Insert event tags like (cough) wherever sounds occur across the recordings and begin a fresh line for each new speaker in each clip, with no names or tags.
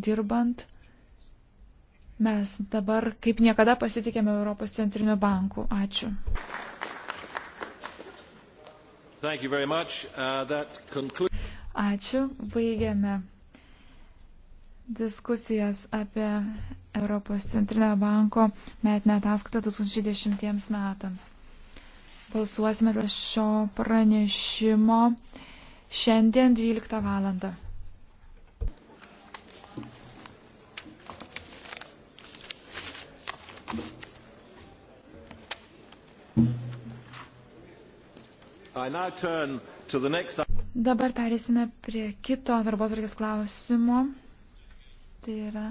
dirbant, mes dabar kaip niekada pasitikėme Europos centriniu banku. Ačiū. Uh, Ačiū. Baigėme diskusijas apie Europos centrinio banko metinę ataskaitą 2010 metams. Balsuosime dėl šio pranešimo šiandien 12 valandą. Next... Dabar perėsime prie kito darbotvarkės klausimo. Tai yra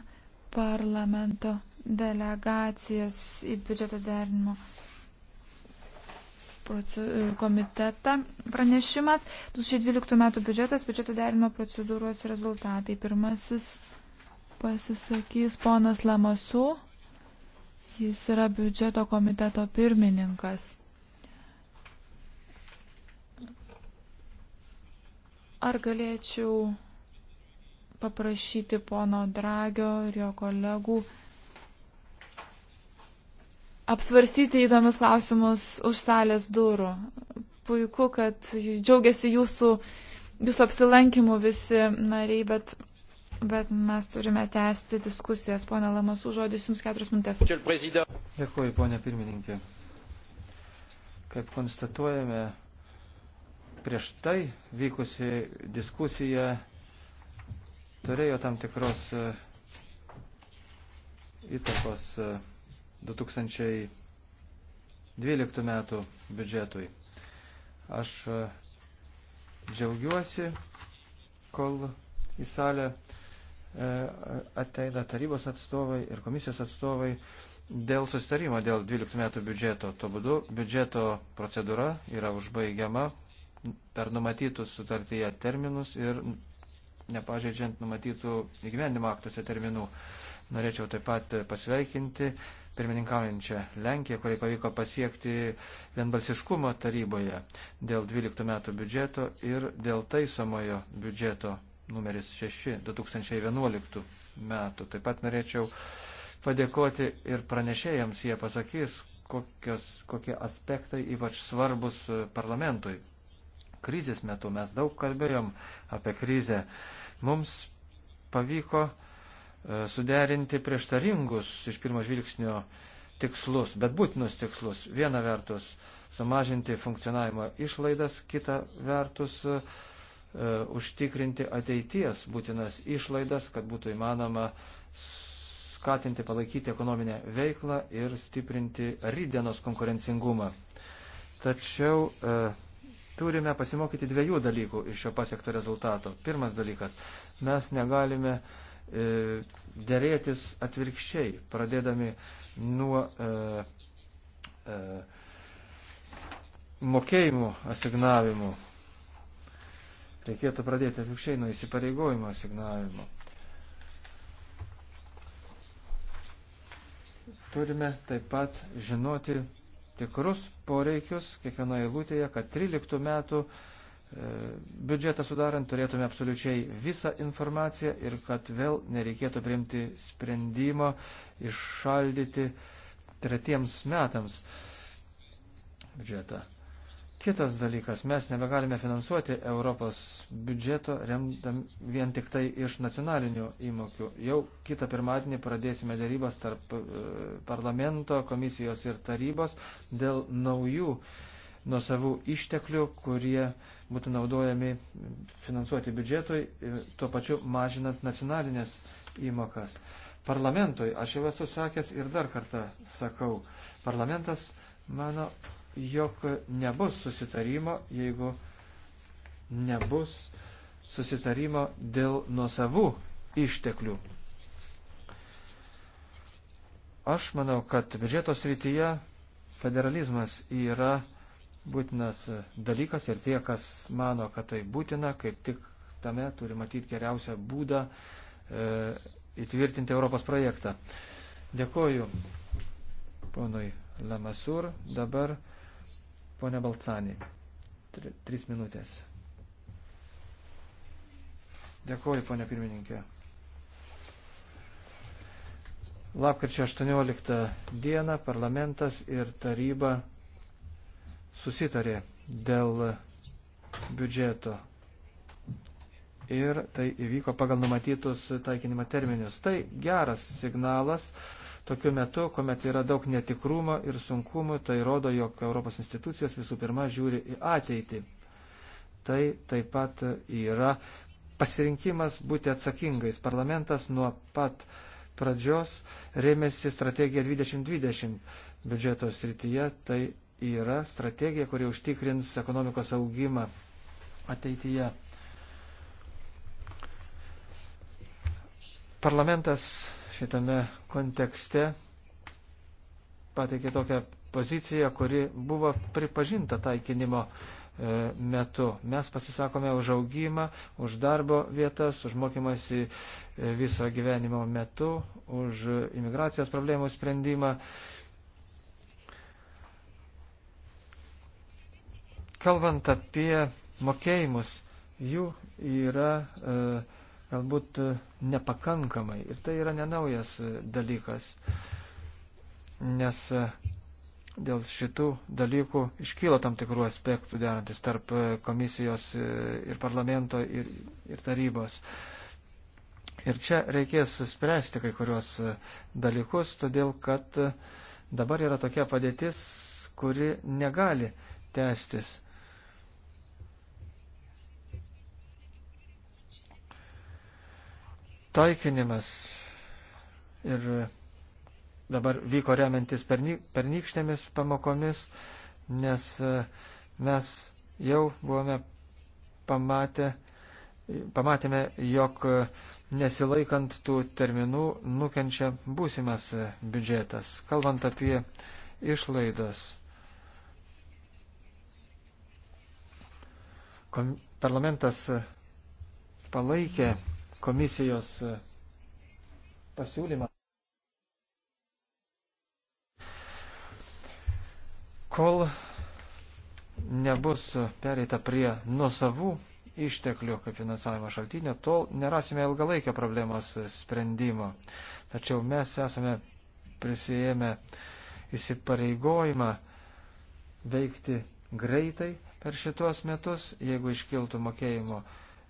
parlamento delegacijas į biudžeto derinimo komitetą pranešimas. 2012 metų biudžetas, biudžeto derimo procedūros rezultatai. Pirmasis pasisakys ponas Lamasu. Jis yra biudžeto komiteto pirmininkas. Ar galėčiau paprašyti pono Dragio ir jo kolegų apsvarstyti įdomius klausimus už salės durų. Puiku, kad džiaugiasi jūsų, jūsų apsilankimu visi nariai, bet, bet mes turime tęsti diskusijas. Pone Lamas, užuodis jums keturias minutės.
Dėkuoju,
ponė pirmininkė. Kaip konstatuojame, prieš tai vykusi diskusija turėjo tam tikros e, įtakos 2012 e, metų biudžetui. Aš e, džiaugiuosi, kol į salę ateina tarybos atstovai ir komisijos atstovai dėl susitarimo dėl 12 metų biudžeto. Tuo būdu biudžeto procedūra yra užbaigiama per numatytus sutartyje terminus ir nepažeidžiant numatytų įgyvendimo aktuose terminų. Norėčiau taip pat pasveikinti pirmininkaujančią Lenkiją, kuriai pavyko pasiekti vienbalsiškumo taryboje dėl 12 metų biudžeto ir dėl taisomojo biudžeto numeris 6 2011 metų. Taip pat norėčiau padėkoti ir pranešėjams, jie pasakys, kokios, kokie aspektai ypač svarbus parlamentui krizės metu. Mes daug kalbėjom apie krizę. Mums pavyko e, suderinti prieštaringus iš pirmo žvilgsnio tikslus, bet būtinus tikslus. Viena vertus sumažinti funkcionavimo išlaidas, kita vertus e, užtikrinti ateities būtinas išlaidas, kad būtų įmanoma skatinti, palaikyti ekonominę veiklą ir stiprinti rydienos konkurencingumą. Tačiau e, turime pasimokyti dviejų dalykų iš šio pasiekto rezultato. Pirmas dalykas, mes negalime e, dėrėtis atvirkščiai, pradėdami nuo e, e, mokėjimų asignavimų. Reikėtų pradėti atvirkščiai nuo įsipareigojimo asignavimo. Turime taip pat žinoti tikrus poreikius kiekvienoje eilutėje, kad 13 metų e, biudžetą sudarant turėtume absoliučiai visą informaciją ir kad vėl nereikėtų priimti sprendimo iššaldyti tretiems metams biudžetą. Kitas dalykas, mes nebegalime finansuoti Europos biudžeto remdam vien tik tai iš nacionalinių įmokių. Jau kitą pirmadienį pradėsime dėrybas tarp e, parlamento, komisijos ir tarybos dėl naujų nuo savų išteklių, kurie būtų naudojami finansuoti biudžetui, e, tuo pačiu mažinant nacionalinės įmokas. Parlamentui, aš jau esu sakęs ir dar kartą sakau, parlamentas mano jog nebus susitarimo, jeigu nebus susitarimo dėl nuosavų išteklių. Aš manau, kad biudžeto srityje federalizmas yra būtinas dalykas ir tie, kas mano, kad tai būtina, kaip tik tame turi matyti geriausią būdą e, įtvirtinti Europos projektą. Dėkoju ponui Lamasur. Dabar Pone Balcanį, tri, trys minutės. Dėkuoju, ponė pirmininkė. Lapkričio 18 dieną parlamentas ir taryba susitarė dėl biudžeto ir tai įvyko pagal numatytus taikinimo terminus. Tai geras signalas Tokiu metu, kuomet yra daug netikrumo ir sunkumų, tai rodo, jog Europos institucijos visų pirma žiūri į ateitį. Tai taip pat yra pasirinkimas būti atsakingais. Parlamentas nuo pat pradžios rėmėsi strategija 2020 biudžeto srityje. Tai yra strategija, kuri užtikrins ekonomikos augimą ateityje. Parlamentas šitame kontekste pateikė tokią poziciją, kuri buvo pripažinta taikinimo e, metu. Mes pasisakome už augimą, už darbo vietas, už mokymasi e, viso gyvenimo metu, už imigracijos problemų sprendimą. Kalbant apie mokėjimus, jų yra e, galbūt e, nepakankamai. Ir tai yra nenaujas e, dalykas, nes e, dėl šitų dalykų iškylo tam tikrų aspektų derantis tarp komisijos ir parlamento ir, ir tarybos. Ir čia reikės spręsti kai kurios dalykus, todėl kad dabar yra tokia padėtis, kuri negali tęstis. taikinimas ir dabar vyko remiantis pernykštėmis pamokomis, nes e, mes jau buvome pamatę, pamatėme, jog e, nesilaikant tų terminų nukenčia būsimas e, biudžetas. Kalbant apie išlaidas. Kom parlamentas palaikė komisijos e, pasiūlymą. Kol nebus pereita prie nuosavų išteklių kaip finansavimo šaltinio, tol nerasime ilgalaikio problemos sprendimo. Tačiau mes esame prisijėmę įsipareigojimą veikti greitai per šitos metus, jeigu iškiltų mokėjimo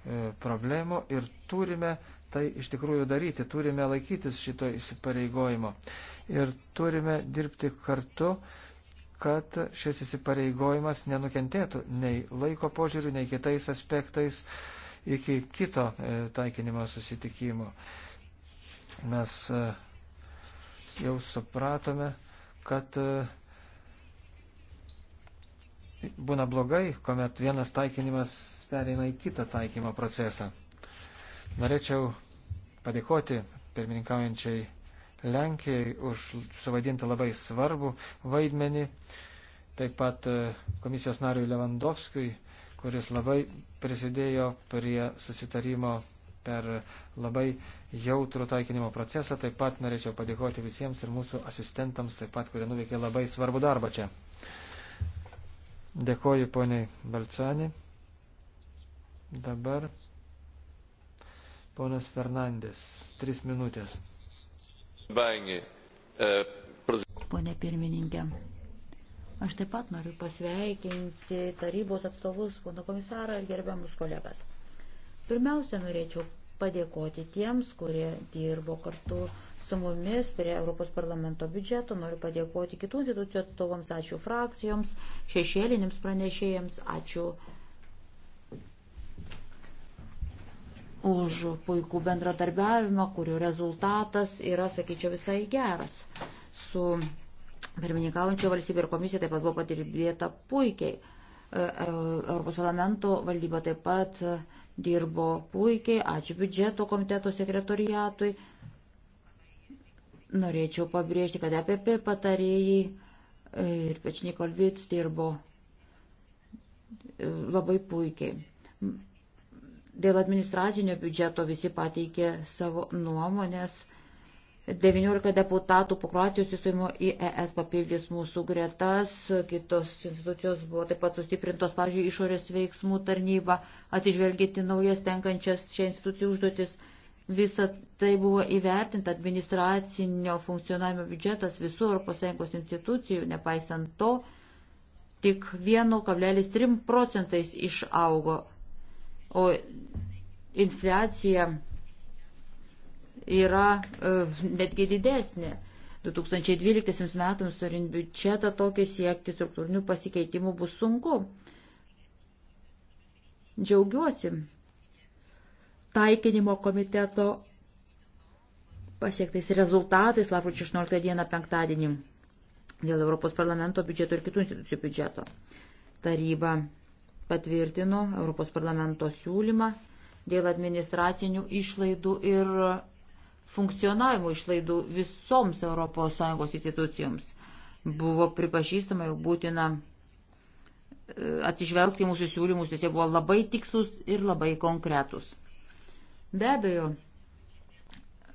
E, problemų ir turime tai iš tikrųjų daryti, turime laikytis šito įsipareigojimo ir turime dirbti kartu, kad šis įsipareigojimas nenukentėtų nei laiko požiūrių, nei kitais aspektais iki kito e, taikinimo susitikimo. Mes e, jau supratome, kad būna blogai, kuomet vienas taikinimas pereina į kitą taikymo procesą. Norėčiau padėkoti pirmininkaujančiai Lenkijai už suvaidintą labai svarbų vaidmenį, taip pat e, komisijos nariui Levandovskui, kuris labai prisidėjo prie susitarimo per labai jautrų taikinimo procesą. Taip pat norėčiau padėkoti visiems ir mūsų asistentams, taip pat, kurie nuveikė labai svarbų darbą čia. Dėkoju poniai Balcani. Dabar ponas Fernandės, tris minutės.
E,
Pone
pirmininkė, aš taip pat noriu pasveikinti tarybos atstovus, pono komisarą ir gerbiamus kolegas. Pirmiausia, norėčiau padėkoti tiems, kurie dirbo kartu su mumis prie Europos parlamento biudžeto. Noriu padėkoti kitų institucijų atstovams, ačiū frakcijoms, šešėlinėms pranešėjams, ačiū už puikų bendradarbiavimą, kurio rezultatas yra, sakyčiau, visai geras. Su pirmininkaujančio valstybė ir komisija taip pat buvo padirbėta puikiai. E, e, Europos parlamento valdyba taip pat dirbo puikiai. Ačiū biudžeto komiteto sekretoriatui. Norėčiau pabrėžti, kad EPP patarėjai ir Pečnikolvits dirbo e, labai puikiai. Dėl administracinio biudžeto visi pateikė savo nuomonės. 19 deputatų po Kroatijos įstojimo į ES papildys mūsų gretas, kitos institucijos buvo taip pat sustiprintos, pavyzdžiui, išorės veiksmų tarnyba, atsižvelgyti naujas tenkančias šią institucijų užduotis. Visa tai buvo įvertinta administracinio funkcionavimo biudžetas visų ES institucijų, nepaisant to, tik 1,3 procentais išaugo O infliacija yra e, netgi didesnė. 2012 metams turint biudžetą tokį siekti struktūrinių pasikeitimų bus sunku. Džiaugiuosi taikinimo komiteto pasiektais rezultatais lapkričio 16 dieną penktadienį dėl Europos parlamento biudžeto ir kitų institucijų biudžeto. Taryba patvirtino Europos parlamento siūlymą dėl administracinių išlaidų ir funkcionavimo išlaidų visoms ES institucijoms. Buvo pripažįstama jau būtina e, atsižvelgti mūsų siūlymus, nes jie buvo labai tikslus ir labai konkretus. Be abejo,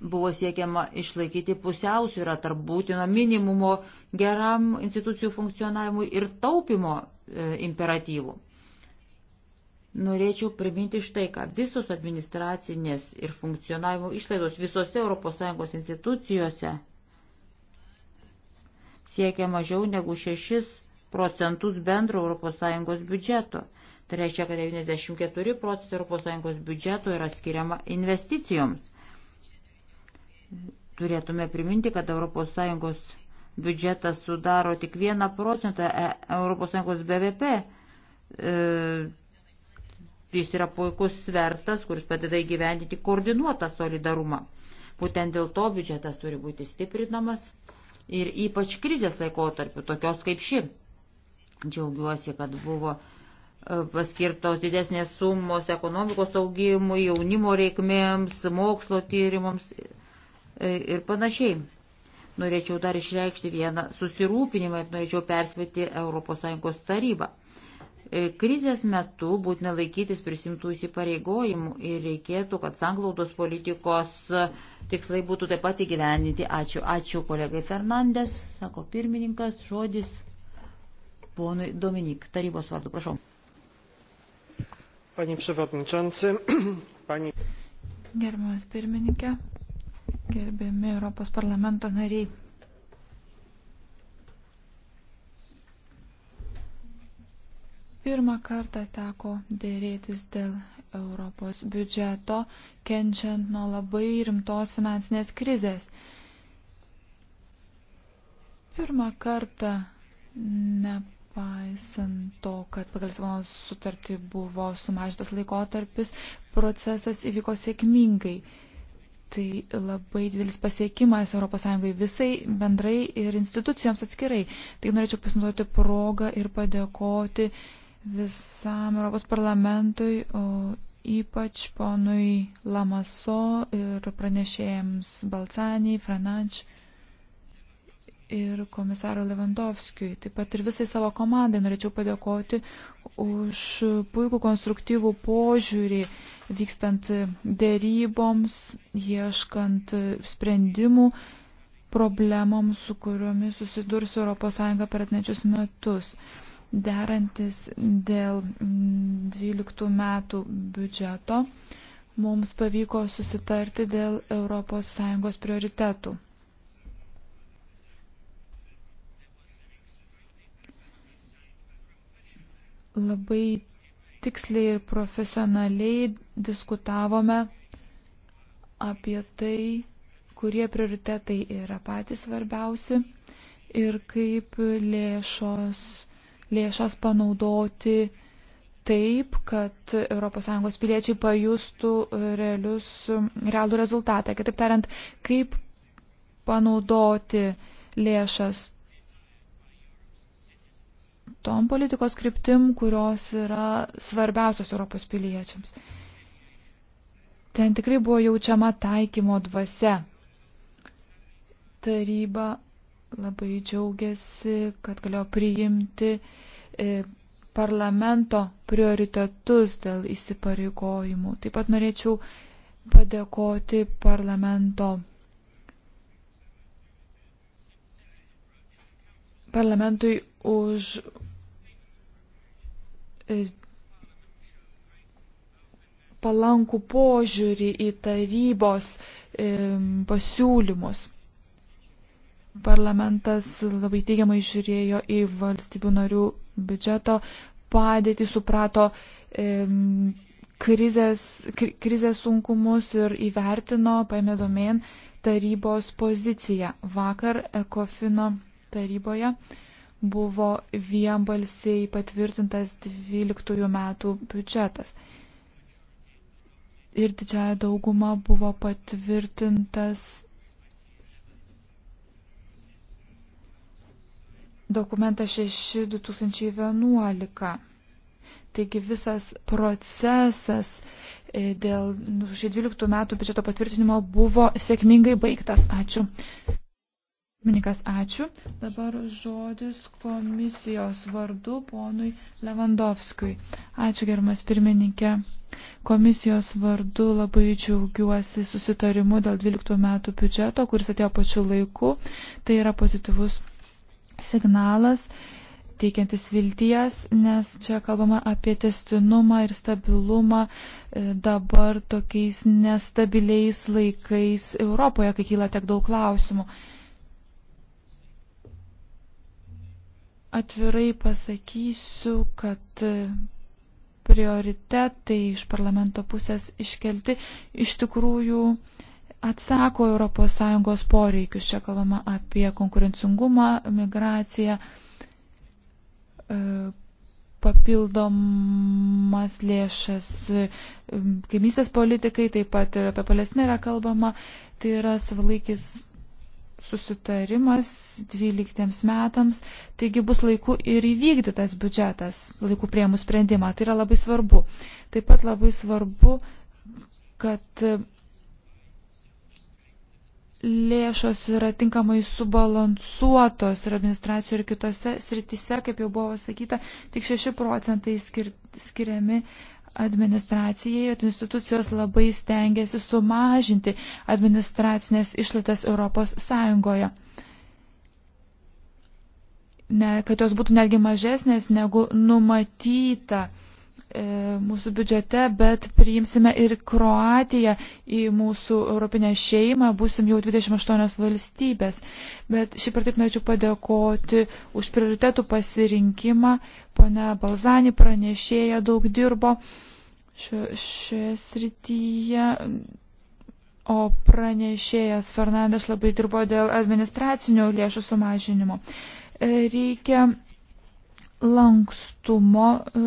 buvo siekiama išlaikyti pusiausvyrą tarp būtino minimumo geram institucijų funkcionavimui ir taupimo e, imperatyvų. Norėčiau priminti štai ką. Visos administracinės ir funkcionavimo išlaidos visose ES institucijose siekia mažiau negu 6 procentus bendro ES biudžeto. Tai reiškia, kad 94 procentai ES biudžeto yra skiriama investicijoms. Turėtume priminti, kad ES biudžetas sudaro tik 1 procentą e, ES BVP. E, Jis yra puikus svertas, kuris padeda įgyvendinti koordinuotą solidarumą. Būtent dėl to biudžetas turi būti stiprinamas ir ypač krizės laikotarpiu, tokios kaip ši. Džiaugiuosi, kad buvo e, paskirtos didesnės sumos ekonomikos augimui, jaunimo reikmėms, mokslo tyrimams e, ir panašiai. Norėčiau dar išreikšti vieną susirūpinimą ir norėčiau perspėti ES tarybą. E, krizės metu būtina laikytis prisimtų įsipareigojimų ir reikėtų, kad sanglaudos politikos e, tikslai būtų taip pat įgyvendinti. Ačiū, ačiū kolegai Fernandes, sako pirmininkas, žodis ponui Dominik, tarybos vardu, prašau.
Pani Przewodniczący, (clears throat) Pani.
Gerbiamas pirmininkė,
gerbiami Europos parlamento nariai. Pirmą kartą teko dėrėtis dėl Europos biudžeto, kenčiant nuo labai rimtos finansinės krizės. Pirmą kartą, nepaisant to, kad pagal Lisabonos sutartį buvo sumažintas laikotarpis, procesas įvyko sėkmingai. Tai labai didelis pasiekimas ES visai bendrai ir institucijoms atskirai. Tai norėčiau pasinaudoti progą ir padėkoti uh, visam Europos parlamentui, o ypač ponui Lamaso ir pranešėjams Balcaniai, Frananč ir komisaro Levandovskijui. Taip pat ir visai savo komandai norėčiau padėkoti už puikų konstruktyvų požiūrį vykstant dėryboms, ieškant sprendimų problemoms, su kuriomis susidurs ES per atnečius metus. Derantis dėl 12 mm, metų biudžeto, mums pavyko susitarti dėl ES prioritetų. Labai tiksliai ir profesionaliai diskutavome apie tai, kurie prioritetai yra patys svarbiausi ir kaip lėšos lėšas panaudoti taip, kad ES piliečiai pajustų realius, realų rezultatą. Kitaip tariant, kaip panaudoti lėšas tom politikos kryptim, kurios yra svarbiausios Europos piliečiams. Ten tikrai buvo jaučiama taikymo dvasia. Taryba labai džiaugiasi, kad galėjo priimti e, parlamento prioritetus dėl įsipareigojimų. Taip pat norėčiau padėkoti parlamento, parlamentui už e, palankų požiūrį į tarybos e, pasiūlymus parlamentas labai teigiamai žiūrėjo į valstybių narių biudžeto padėtį, suprato e, krizės, kri, krizės sunkumus ir įvertino, paėmė domėn tarybos poziciją. Vakar Ekofino taryboje buvo vienbalsiai patvirtintas 12 metų biudžetas. Ir didžiaja dauguma buvo patvirtintas dokumentą 6-2011. Taigi visas procesas e, dėl 2012 nu, metų biudžeto patvirtinimo buvo sėkmingai baigtas. Ačiū. Minikas, ačiū. Dabar žodis komisijos vardu ponui Levandovskui. Ačiū, germas pirmininkė. Komisijos vardu labai džiaugiuosi susitarimu dėl 12 metų biudžeto, kuris atėjo pačiu laiku. Tai yra pozityvus signalas teikiantis vilties, nes čia kalbama apie testinumą ir stabilumą e, dabar tokiais nestabiliais laikais Europoje, kai kyla tiek daug klausimų. Atvirai pasakysiu, kad e, prioritetai iš parlamento pusės iškelti iš tikrųjų uh, atsako ES poreikius. Čia kalbama apie konkurencingumą, migraciją, e, papildomas lėšas e, kaimysės politikai, taip pat ir apie Palestiną yra kalbama. Tai yra savalaikis susitarimas 12 metams, taigi bus laiku ir įvykdytas biudžetas, laiku priemų sprendimą. Tai yra labai svarbu. Taip pat labai svarbu, kad lėšos yra tinkamai subalansuotos ir administracijų ir kitose sritise, kaip jau buvo sakyta, tik 6 procentai skir skiriami administracijai, institucijos labai stengiasi sumažinti administracinės išlaidas ES. Ne, kad jos būtų netgi mažesnės negu numatyta E, mūsų biudžete, bet priimsime ir Kroatiją į mūsų europinę šeimą, būsim jau 28 valstybės. Bet šiaip ir taip norėčiau padėkoti už prioritetų pasirinkimą. Pone Balzani pranešėja daug dirbo šioje srityje. O pranešėjas Fernandes labai dirbo dėl administracinių lėšų sumažinimo. E, reikia lankstumo e,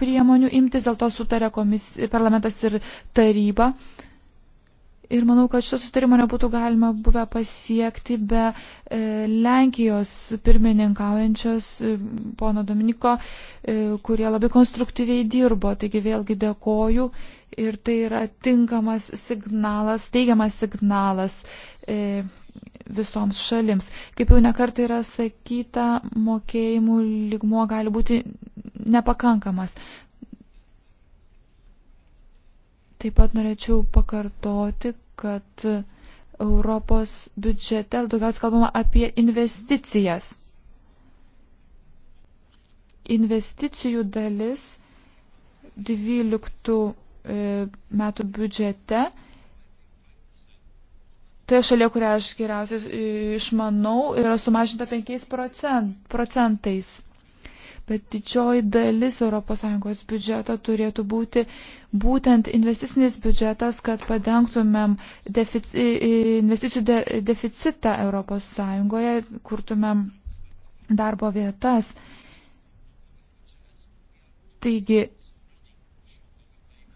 priemonių imtis, dėl to sutarė komis, parlamentas ir taryba. Ir manau, kad šio sustarimo nebūtų galima buvę pasiekti be e, Lenkijos pirmininkaujančios e, pono Dominiko, e, kurie labai konstruktyviai dirbo. Taigi vėlgi dėkoju ir tai yra tinkamas signalas, teigiamas signalas e, visoms šalims. Kaip jau nekart yra sakyta, mokėjimų ligmuo gali būti nepakankamas. Taip pat norėčiau pakartoti, kad Europos biudžete daugiausia kalbama apie investicijas. Investicijų dalis 12 e, metų biudžete toje šalyje, kurią aš geriausiai e, išmanau, yra sumažinta 5 procent, procentais. Bet didžioji dalis ES biudžeto turėtų būti būtent investicinis biudžetas, kad padengtumėm defici, e, e, investicijų de, deficitą ES, kurtumėm darbo vietas. Taigi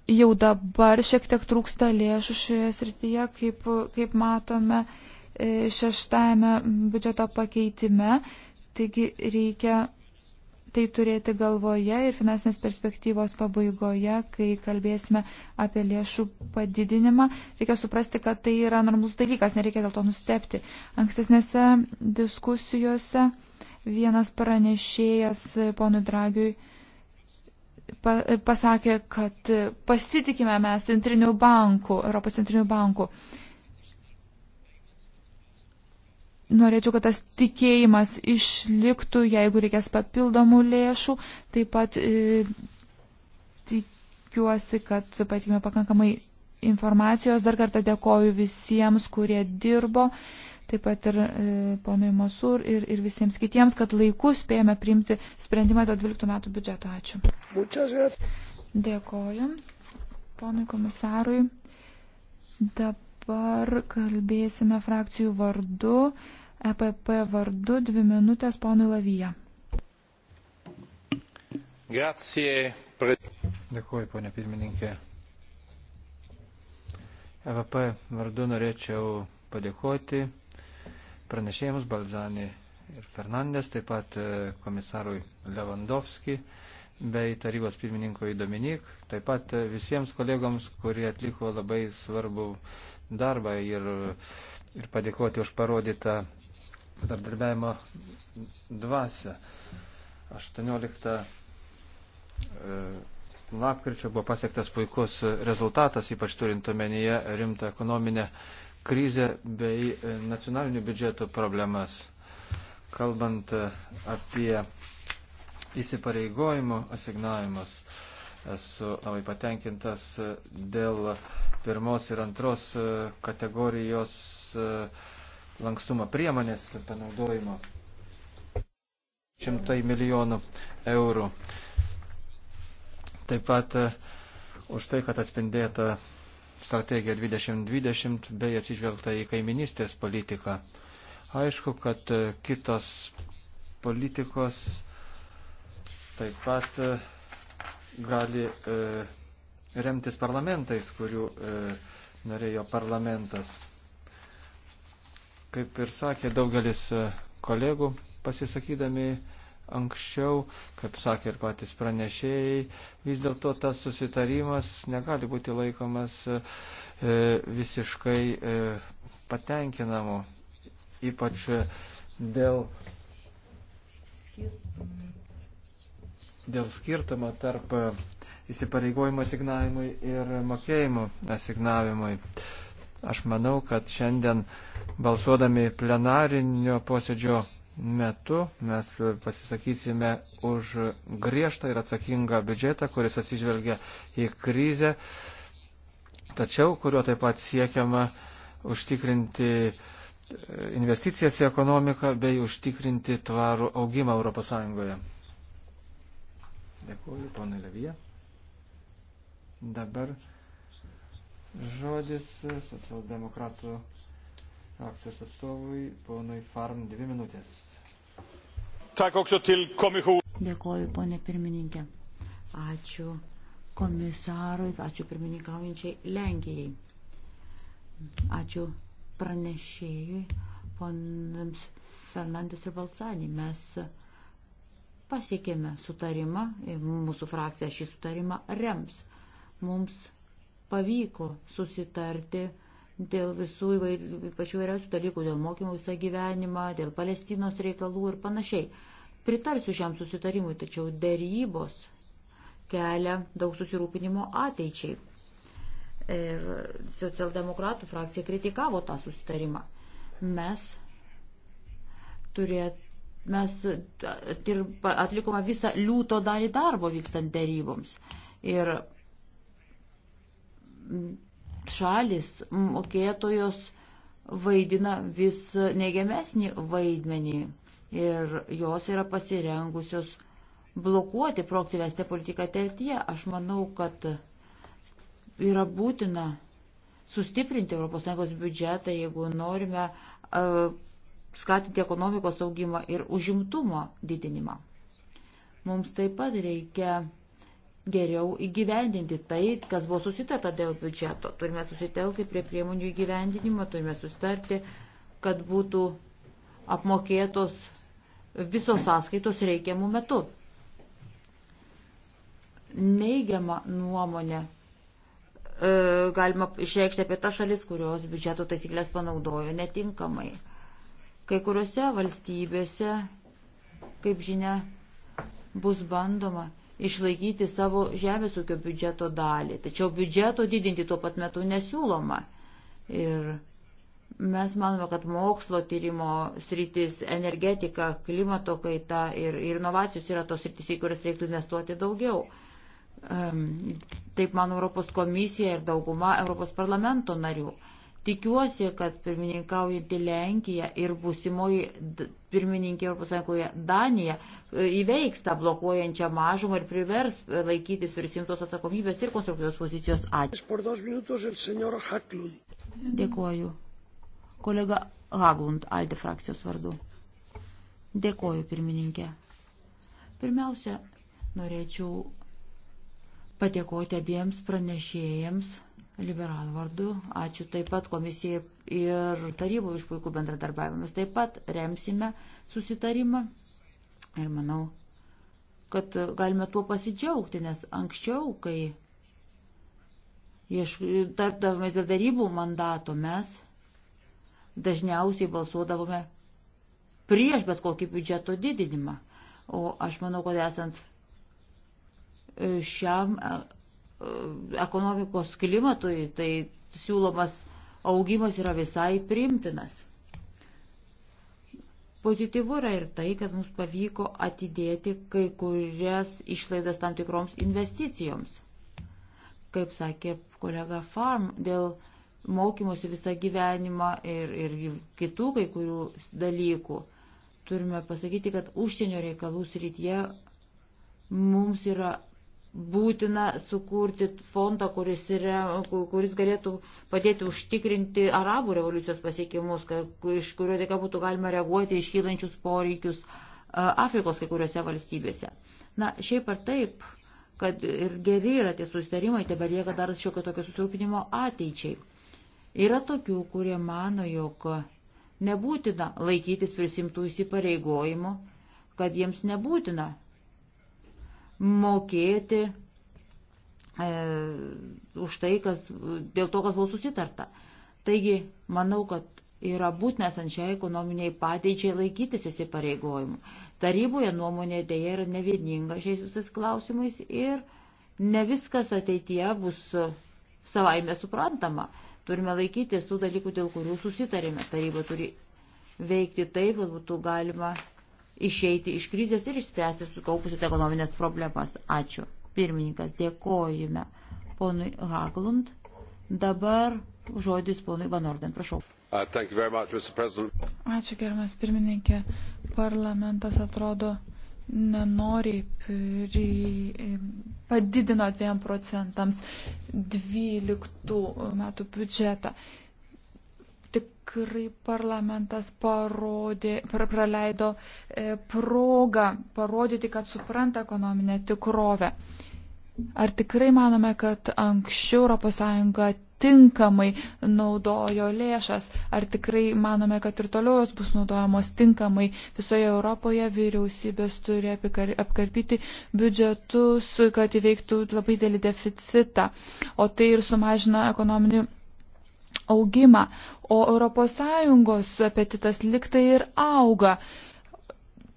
jau dabar šiek tiek trūksta lėšų šioje srityje, kaip, kaip matome e, šeštajame biudžeto pakeitime. Taigi reikia tai turėti galvoje ir finansinės perspektyvos pabaigoje, kai kalbėsime apie lėšų padidinimą, reikia suprasti, kad tai yra normalus dalykas, nereikia dėl to nustepti. Ankstesnėse diskusijose vienas pranešėjas ponui Dragiui pa, pasakė, kad pasitikime mes centrinių bankų, Europos centrinių bankų. Norėčiau, kad tas tikėjimas išliktų, jeigu reikės papildomų lėšų. Taip pat e, tikiuosi, kad patikime pakankamai informacijos. Dar kartą dėkoju visiems, kurie dirbo taip pat ir e, ponui Masur ir, ir visiems kitiems, kad laiku spėjome priimti sprendimą dėl 12 metų biudžeto. Ačiū. Dėkojam ponui komisarui. Dabar kalbėsime frakcijų vardu, EPP vardu, dvi minutės ponui Lavyje.
Grazie.
Dėkuoju, ponė pirmininkė. EVP vardu norėčiau padėkoti pranešėjams Balzani ir Fernandės, taip pat e, komisarui Lewandowski bei tarybos pirmininkui Dominik, taip pat e, visiems kolegoms, kurie atliko labai svarbų darbą ir, ir padėkoti už parodytą dardarbiavimo dvasę. 18 e, lapkričio buvo pasiektas puikus rezultatas, ypač turint omenyje rimtą ekonominę krizę bei e, nacionalinių biudžetų problemas. Kalbant e, apie įsipareigojimo asignavimus, esu labai patenkintas e, dėl pirmos ir antros kategorijos lankstumo priemonės panaudojimo. Šimtai milijonų eurų. Taip pat už tai, kad atspindėta strategiją 2020 bei atsižvelgta į kaiminystės politiką. Aišku, kad e, kitos politikos taip pat e, gali e, remtis parlamentais, kurių norėjo parlamentas. Kaip ir sakė daugelis kolegų pasisakydami anksčiau, kaip sakė ir patys pranešėjai, vis dėlto tas susitarimas negali būti laikomas e, visiškai e, patenkinamu, ypač e, dėl, dėl skirtumo tarp e, įsipareigojimo asignavimui ir mokėjimo asignavimui. Aš manau, kad šiandien balsuodami plenarinio posėdžio metu mes pasisakysime už griežtą ir atsakingą biudžetą, kuris atsižvelgia į krizę, tačiau kuriuo taip pat siekiama užtikrinti investicijas į ekonomiką bei užtikrinti tvarų augimą ES. Dėkuoju, ponai Levija. Dabar žodis socialdemokratų akcijos atstovui, ponui Farm, dvi minutės.
Dėkoju,
ponė pirmininkė. Ačiū komisarui, ačiū pirmininkaujančiai Lenkijai. Ačiū pranešėjui, ponams Fernandes ir Balsanį. Mes pasiekėme sutarimą, mūsų frakcija šį sutarimą rems. Mums pavyko susitarti dėl visų įvairių, pačių įvairiausių dalykų, dėl mokymų visą gyvenimą, dėl Palestinos reikalų ir panašiai. Pritarsiu šiam susitarimui, tačiau dėrybos kelia daug susirūpinimo ateičiai. Ir socialdemokratų frakcija kritikavo tą susitarimą. Mes, turėt, mes dirba, atlikome visą liūto dalį darbo vykstant dėryboms. Ir šalis mokėtojos vaidina vis neigiamesnį vaidmenį ir jos yra pasirengusios blokuoti proaktyvesnę politiką ateityje. Aš manau, kad yra būtina sustiprinti ES biudžetą, jeigu norime uh, skatinti ekonomikos augimą ir užimtumo didinimą. Mums taip pat reikia geriau įgyvendinti tai, kas buvo susitarta dėl biudžeto. Turime susitelkti prie priemonių įgyvendinimo, turime sustarti, kad būtų apmokėtos visos sąskaitos reikiamų metų. Neigiamą nuomonę e, galima išreikšti apie tą šalis, kurios biudžeto taisyklės panaudojo netinkamai. Kai kuriuose valstybėse, kaip žinia, bus bandoma išlaikyti savo žemės ūkio biudžeto dalį. Tačiau biudžeto didinti tuo pat metu nesiūloma. Ir mes manome, kad mokslo tyrimo sritis, energetika, klimato kaita ir, ir inovacijos yra tos sritis, į kurias reiktų investuoti daugiau. Taip mano Europos komisija ir dauguma Europos parlamento narių. Tikiuosi, kad pirmininkaujantį Lenkiją ir būsimoji pirmininkė Europos Sąjungoje Danija e, įveiks tą blokuojančią mažumą ir privers e, laikytis prisimtos atsakomybės ir konstruktyvios pozicijos. Ačiū. Dėkuoju. Kolega Haglund, Aldi frakcijos vardu. Dėkuoju, pirmininkė. Pirmiausia, norėčiau padėkoti abiems pranešėjams liberalų vardu. Ačiū taip pat komisijai ir tarybai už puikų bendradarbiavimą. Mes taip pat remsime susitarimą ir manau, kad galime tuo pasidžiaugti, nes anksčiau, kai tarpdavomės dėl darybų mandato, mes dažniausiai balsuodavome prieš bet kokį biudžeto didinimą. O aš manau, kad esant šiam E, ekonomikos klimatui, tai siūlomas augimas yra visai primtinas. Pozityvu yra ir tai, kad mums pavyko atidėti kai kurias išlaidas tam tikroms investicijoms. Kaip sakė kolega Farm, dėl mokymosi visą gyvenimą ir, ir kitų kai kurių dalykų, turime pasakyti, kad užsienio reikalų srityje mums yra būtina sukurti fondą, kuris, yra, kuris galėtų padėti užtikrinti arabų revoliucijos pasiekimus, iš kurio dėka būtų galima reaguoti iškylančius poreikius Afrikos kai kuriuose valstybėse. Na, šiaip ar taip, kad ir geri yra tie susitarimai, tebe lieka dar šiokio tokio susirūpinimo ateičiai. Yra tokių, kurie mano, jog nebūtina laikytis prisimtų įsipareigojimų, kad jiems nebūtina mokėti e, už tai, kas, dėl to, kas buvo susitarta. Taigi, manau, kad yra būtinas ant šiai ekonominiai pateičiai laikytis įsipareigojimų. Taryboje nuomonė dėja yra nevieninga šiais visais klausimais ir ne viskas ateityje bus savaime suprantama. Turime laikytis tų dalykų, dėl kurių susitarėme. Taryba turi veikti taip, kad būtų galima išeiti iš krizės ir išspręsti sukaupusias ekonominės problemas. Ačiū. Pirmininkas, dėkojame ponui Haglund. Dabar žodis ponui Vanorden, prašau.
Uh, much,
Ačiū, gerbiamas pirmininkė. Parlamentas atrodo
nenori pri... padidino 2 procentams 12 metų biudžetą tikrai parlamentas parodė, praleido e, progą parodyti, kad supranta ekonominę tikrovę. Ar tikrai manome, kad anksčiau ES tinkamai naudojo lėšas? Ar tikrai manome, kad ir toliau jos bus naudojamos tinkamai? Visoje Europoje vyriausybės turi apkarpyti biudžetus, kad įveiktų labai dėlį deficitą. O tai ir sumažina ekonominį augimą, o ES apetitas liktai ir auga.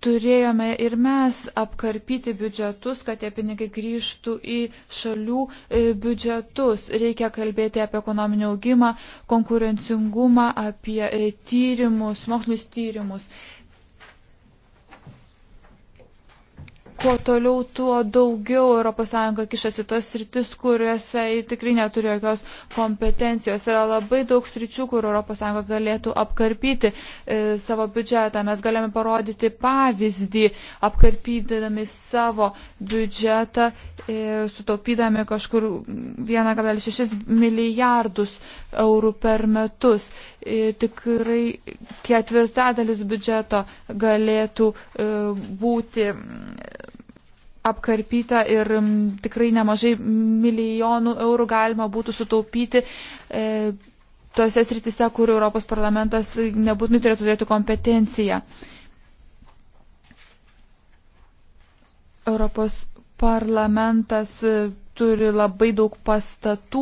Turėjome ir mes apkarpyti biudžetus, kad tie pinigai grįžtų į šalių e, biudžetus. Reikia kalbėti apie ekonominį augimą, konkurencingumą, apie e, tyrimus, mokslinius tyrimus. kuo toliau, tuo daugiau ES kišasi tos sritis, kuriuose tikrai neturi jokios kompetencijos. Yra labai daug sričių, kur ES galėtų apkarpyti e, savo biudžetą. Mes galime parodyti pavyzdį, apkarpydami savo biudžetą, e, sutaupydami kažkur 1,6 milijardus eurų per metus. E, tikrai ketvirtadalis biudžeto galėtų e, būti apkarpyta ir tikrai nemažai milijonų eurų galima būtų sutaupyti e, tose sritise, kur Europos parlamentas nebūtinai turėtų turėti kompetenciją. Europos parlamentas e, turi labai daug pastatų,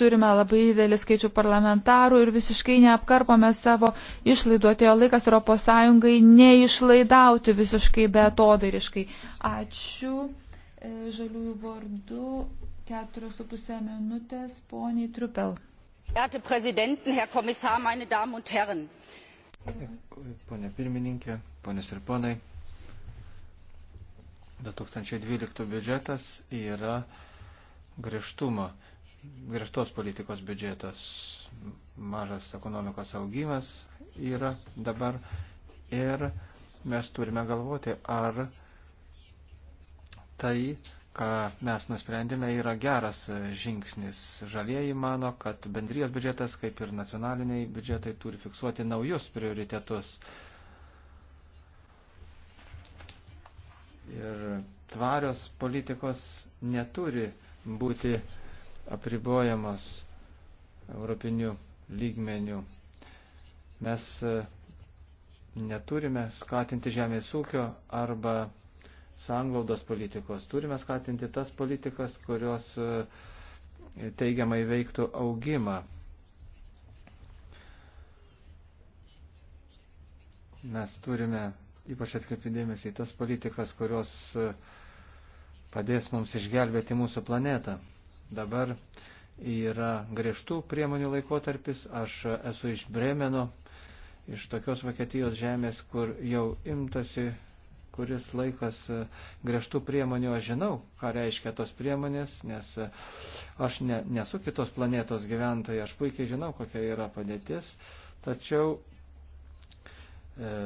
turime labai didelį skaičių parlamentarų ir visiškai neapkarpame savo išlaidų. Atėjo laikas ES neišlaidauti visiškai betodairiškai. Ačiū. E, žaliųjų vardu 4,5 minutės poniai Triupel.
Gerbti prezidentin, herr komisar, meine Damen und Herren.
Pone pirmininkė, ponės ir ponai, 2012 biudžetas yra griežtumo, griežtos politikos biudžetas, mažas ekonomikos augimas yra dabar ir mes turime galvoti, ar tai, ką mes nusprendėme, yra geras žingsnis. Žalieji mano, kad bendrijos biudžetas, kaip ir nacionaliniai biudžetai, turi fiksuoti naujus prioritetus. Ir tvarios politikos neturi būti apribojamos europinių lygmenių. Mes e, neturime skatinti žemės ūkio arba sanglaudos politikos. Turime skatinti tas politikas, kurios e, teigiamai veiktų augimą. Mes turime ypač atkreipti dėmesį į tas politikas, kurios uh, padės mums išgelbėti mūsų planetą. Dabar yra griežtų priemonių laikotarpis. Aš esu iš Bremeno, iš tokios Vokietijos žemės, kur jau imtasi kuris laikas griežtų priemonių, aš žinau, ką reiškia tos priemonės, nes aš ne, nesu kitos planetos gyventojai, aš puikiai žinau, kokia yra padėtis, tačiau e,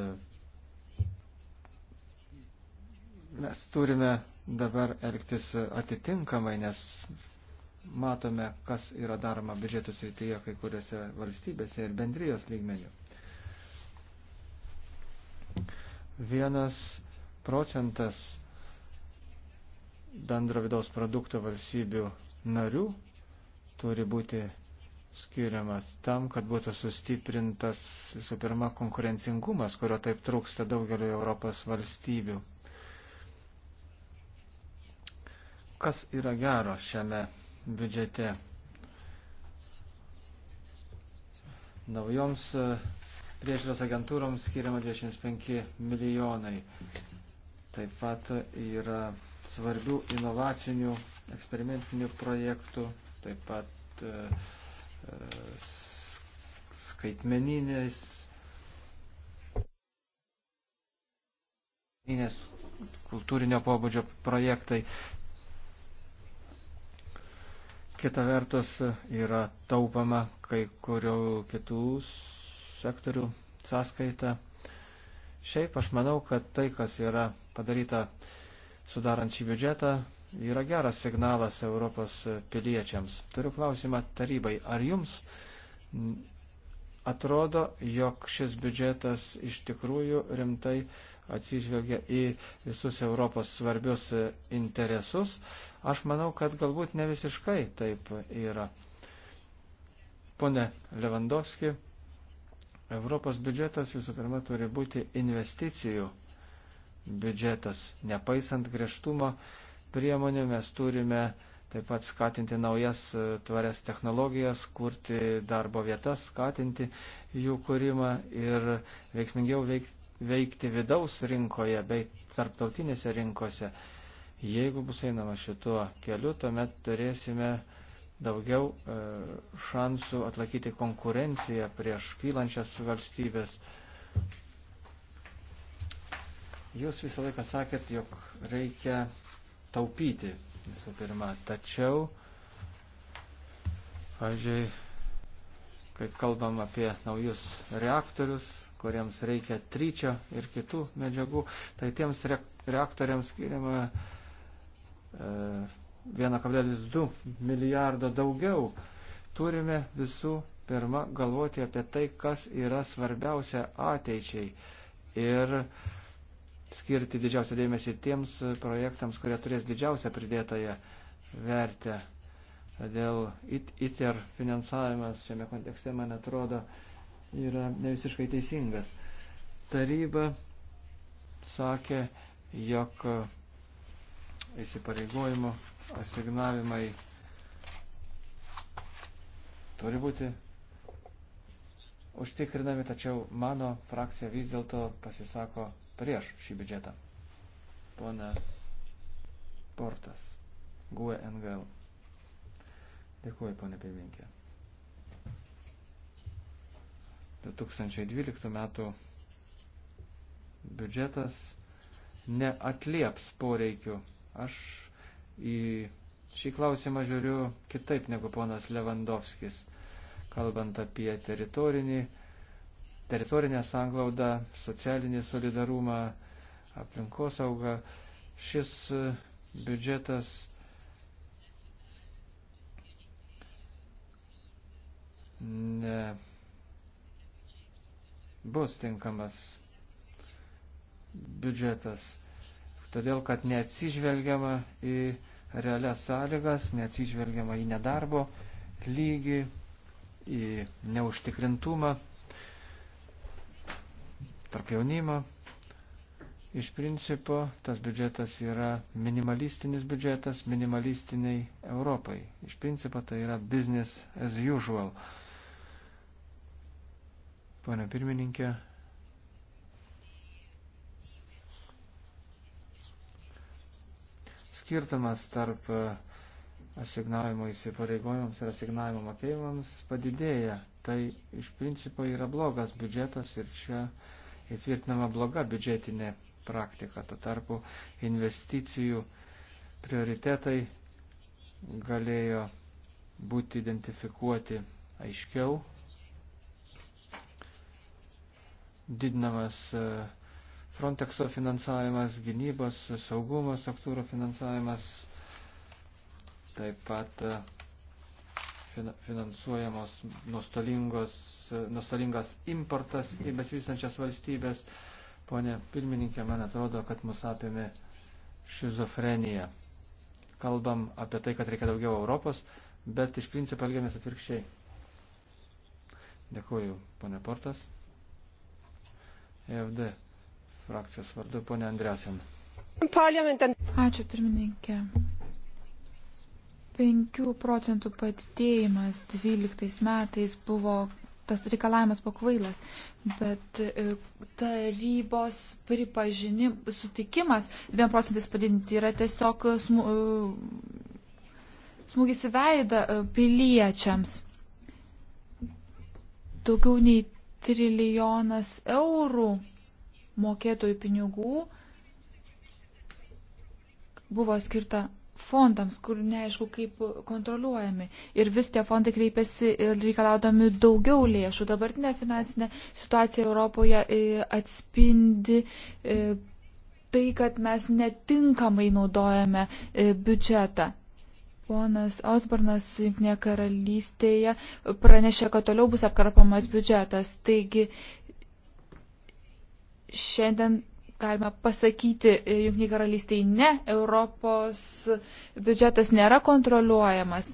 mes turime dabar elgtis atitinkamai, nes matome, kas yra daroma biudžeto srityje kai kuriuose valstybėse ir bendrijos lygmenių. Vienas procentas bendro vidaus produkto valstybių narių turi būti skiriamas tam, kad būtų sustiprintas visų pirma konkurencingumas, kurio taip trūksta daugelio Europos valstybių. Kas yra gero šiame biudžete? Naujoms e, priežiūros agentūroms skiriama 25 milijonai. Taip pat yra svarbių inovacinių eksperimentinių projektų, taip pat e, e skaitmeninės kultūrinio pobūdžio projektai kita vertus yra taupama kai kurių kitų sektorių sąskaita. Šiaip aš manau, kad tai, kas yra padaryta sudarant šį biudžetą, yra geras signalas Europos piliečiams. Turiu klausimą tarybai. Ar jums atrodo, jog šis biudžetas iš tikrųjų rimtai atsižvelgia į visus Europos svarbius e, interesus. Aš manau, kad galbūt ne visiškai taip yra. Pone Levandovski, Europos biudžetas visų pirma turi būti investicijų biudžetas. Nepaisant griežtumo priemonių mes turime taip pat skatinti naujas e, tvarias technologijas, kurti darbo vietas, skatinti jų kūrimą ir veiksmingiau veikti veikti vidaus rinkoje bei tarptautinėse rinkose. Jeigu bus einama šituo keliu, tuomet turėsime daugiau e, šansų atlaikyti konkurenciją prieš kylančias valstybės. Jūs visą laiką sakėt, jog reikia taupyti visų pirma. Tačiau, pažiūrėjau, kai kalbam apie naujus reaktorius, kuriems reikia tryčio ir kitų medžiagų, tai tiems reaktoriams skiriama 1,2 e, milijardo daugiau. Turime visų pirma galvoti apie tai, kas yra svarbiausia ateičiai ir skirti didžiausią dėmesį tiems projektams, kurie turės didžiausią pridėtąją vertę. Todėl ITER finansavimas šiame kontekste man atrodo yra ne visiškai teisingas. Taryba sakė, jog įsipareigojimo asignavimai turi būti užtikrinami, tačiau mano frakcija vis dėlto pasisako prieš šį biudžetą. Pone Portas, GUE NGL. Dėkuoju, ponė Pirminkė. 2012 metų biudžetas neatlieps poreikių. Aš į šį klausimą žiūriu kitaip negu ponas Levandovskis, kalbant apie teritorinį, teritorinę sanglaudą, socialinį solidarumą, aplinkosaugą. Šis e, biudžetas ne bus tinkamas biudžetas, todėl kad neatsižvelgiama į realias sąlygas, neatsižvelgiama į nedarbo lygį, į neužtikrintumą tarp jaunimo. Iš principo tas biudžetas yra minimalistinis biudžetas, minimalistiniai Europai. Iš principo tai yra business as usual. Uh, Pane pirmininkė, skirtumas tarp e, asignavimo įsipareigojimams ir asignavimo mokėjimams padidėja. Tai iš principo yra blogas biudžetas ir čia įtvirtinama bloga biudžetinė praktika. Tuo tarpu investicijų prioritetai galėjo būti identifikuoti aiškiau didinamas e, Frontexo finansavimas, gynybos, saugumo struktūrų finansavimas, taip pat e, finansuojamos e, nuostolingas importas į besivystančias valstybės. Pone pirmininkė, man atrodo, kad mus apėmė šizofrenija. Kalbam apie tai, kad reikia daugiau Europos, bet iš principo elgiamės atvirkščiai. Dėkuoju, pone Portas. EFD frakcijos vardu, ponė Andresen.
Ačiū pirmininkė. 5 procentų padidėjimas 12 metais buvo tas reikalavimas buvo kvailas, bet e, tarybos pripažinim, sutikimas 2 procentais padidinti yra tiesiog smu, e, smūgis į veidą e, piliečiams. Daugiau nei trilijonas eurų mokėtojų pinigų buvo skirta fondams, kur neaišku, kaip kontroliuojami. Ir vis tie fondai kreipiasi reikalaudami daugiau lėšų. Dabartinė finansinė situacija Europoje e, atspindi e, tai, kad mes netinkamai naudojame e, biudžetą. Ponas Osbornas Junknėje karalystėje pranešė, kad toliau bus apkarpamas biudžetas. Taigi šiandien galime pasakyti e, Junknėje karalystėje ne, Europos biudžetas nėra kontroliuojamas,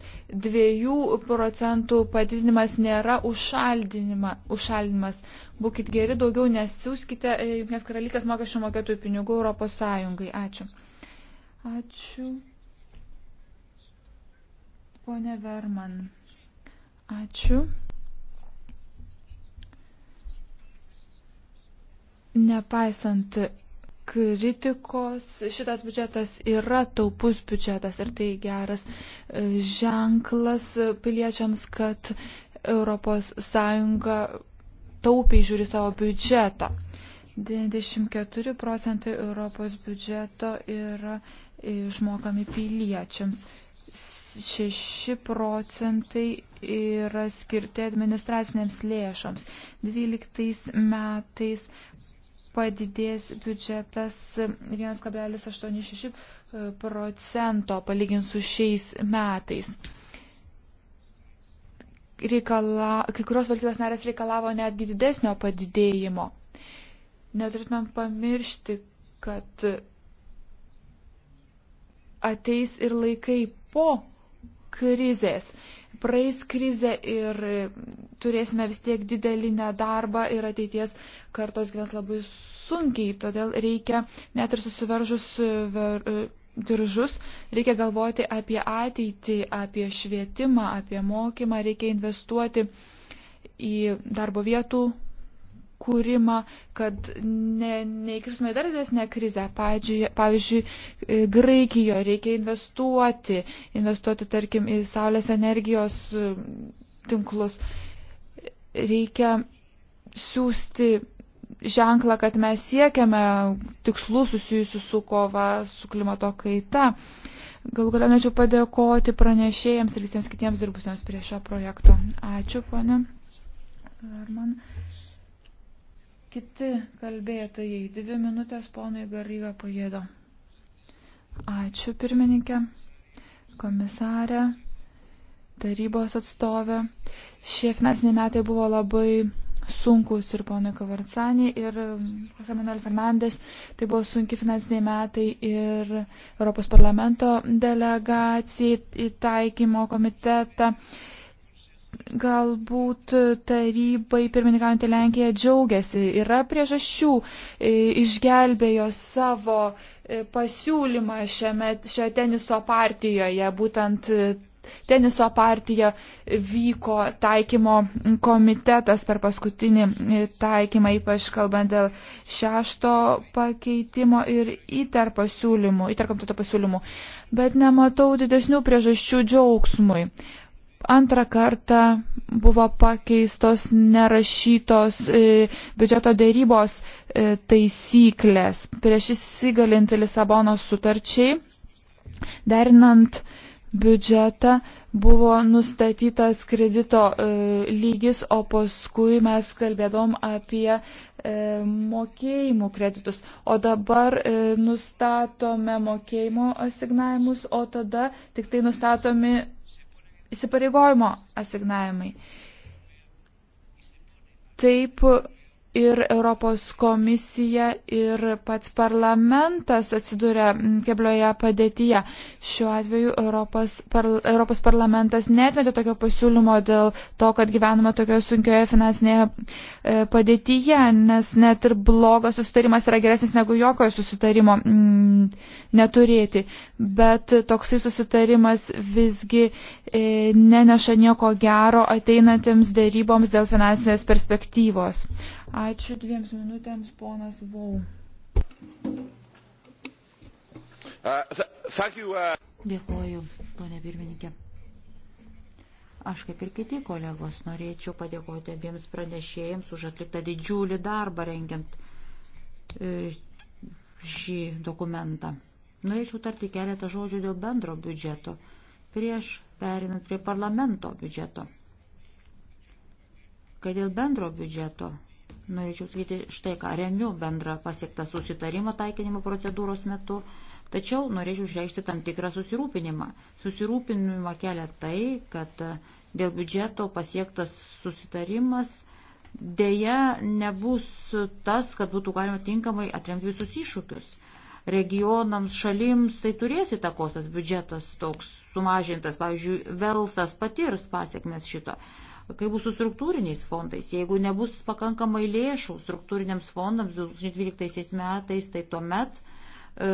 dviejų procentų padidinimas nėra užšaldinimas. Būkit geri, daugiau nesiūskite e, Junknės karalystės mokesčių mokėtojų pinigų Europos Sąjungai. Ačiū. Ačiū. Pone Verman, ačiū. Nepaisant kritikos, šitas biudžetas yra taupus biudžetas ir tai geras e, ženklas piliečiams, kad ES taupiai žiūri savo biudžetą. 94 procentai Europos biudžeto yra išmokami piliečiams. 6 procentai yra skirti administracinėms lėšoms. 12 metais padidės biudžetas 1,86 e, procento palyginti su šiais metais. Reikala, kai kurios valstybės narės reikalavo netgi didesnio padidėjimo. Neturėtumėm pamiršti, kad ateis ir laikai po krizės. Praeis krizė ir turėsime vis tiek didelį nedarbą ir ateities kartos gyvens labai sunkiai, todėl reikia net ir susiveržus ver, diržus, reikia galvoti apie ateitį, apie švietimą, apie mokymą, reikia investuoti į darbo vietų kūrimą, kad ne, neįkrisime dar didesnę krizę. Pavyzdžiui, pavyzdžiui, e, Graikijoje reikia investuoti, investuoti, tarkim, į saulės energijos e, tinklus. Reikia siūsti ženklą, kad mes siekiame tikslų susijusių su kova su klimato kaita. Galų galę norėčiau padėkoti pranešėjams ir visiems kitiems dirbusiems prie šio projekto. Ačiū, ponė. Ar man? Kiti kalbėtojai, dvi minutės ponui Garyga pajėdo. Ačiū pirmininkė, komisarė, tarybos atstovė. Šie finansiniai metai buvo labai sunkus ir ponui Kavarcani, ir Jose Manuel Fernandes. Tai buvo sunki finansiniai metai ir Europos parlamento delegacijai į taikymo komitetą. Galbūt tarybai pirmininkaujantį Lenkiją džiaugiasi. Yra priežasčių, e, išgelbėjo savo e, pasiūlymą šiame, šioje teniso partijoje. Būtent e, teniso partija vyko taikymo komitetas per paskutinį taikymą, ypač kalbant dėl šešto pakeitimo ir įter pasiūlymų, įter komiteto pasiūlymų. Bet nematau didesnių priežasčių džiaugsmui. Antrą kartą buvo pakeistos nerašytos e, biudžeto dėrybos e, taisyklės prieš įsigalinti Lisabonos sutarčiai. Derinant biudžetą buvo nustatytas kredito e, lygis, o paskui mes kalbėdom apie mokėjimų kreditus. O dabar nustatome mokėjimo asignavimus, o tada tik tai nustatomi įsipareigojimo asignavimai. Taip ir Europos komisija ir pats parlamentas atsiduria mm, keblioje padėtyje. Šiuo atveju Europos, par, Europos parlamentas netmetė tokio pasiūlymo dėl to, kad gyvename tokioje sunkioje finansinėje e, padėtyje, nes net ir blogas susitarimas yra geresnis negu jokio susitarimo mm, neturėti. Bet toksai susitarimas visgi e, neneša nieko gero ateinantiems dėryboms dėl finansinės perspektyvos. Ačiū dviems minutėms, ponas Vau. Uh, th you, uh...
Dėkuoju, ponė pirmininkė. Aš kaip ir kiti kolegos norėčiau padėkoti abiems pranešėjams už atliktą didžiulį darbą rengiant e, šį dokumentą. Norėčiau tarti keletą žodžių dėl bendro biudžeto prieš perinant prie parlamento biudžeto. Kai dėl bendro biudžeto norėčiau sakyti štai ką, remiu bendrą pasiektą susitarimą taikinimo procedūros metu, tačiau norėčiau išreikšti tam tikrą susirūpinimą. Susirūpinimą kelia tai, kad dėl biudžeto pasiektas susitarimas dėja nebus tas, kad būtų galima tinkamai atremti visus iššūkius. Regionams, šalims tai turės įtakos tas biudžetas toks sumažintas, pavyzdžiui, Velsas patirs pasiekmes šito. Uh, kaip bus su struktūriniais fondais. Jeigu nebus pakankamai lėšų struktūriniams fondams 2012 metais, tai tuomet e,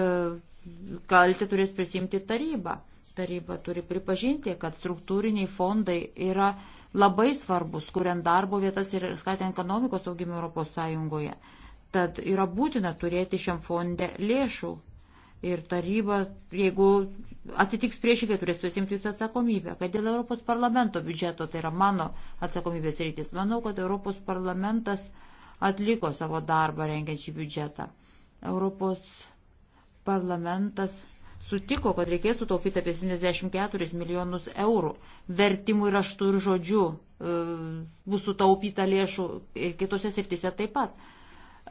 kalti turės prisimti taryba. Taryba turi pripažinti, kad struktūriniai fondai yra labai svarbus, kuriant darbo vietas ir skatinant ekonomikos augimą Europos Sąjungoje. Tad yra būtina turėti šiam fonde lėšų ir taryba, jeigu atsitiks priešingai, turės prisimti visą atsakomybę. Kad dėl Europos parlamento biudžeto, tai yra mano atsakomybės rytis, manau, kad Europos parlamentas atliko savo darbą rengiant šį biudžetą. Europos parlamentas sutiko, kad reikės sutaupyti apie 74 milijonus eurų. Vertimų ir raštų ir žodžių e, bus sutaupyta lėšų ir kitose srityse taip pat.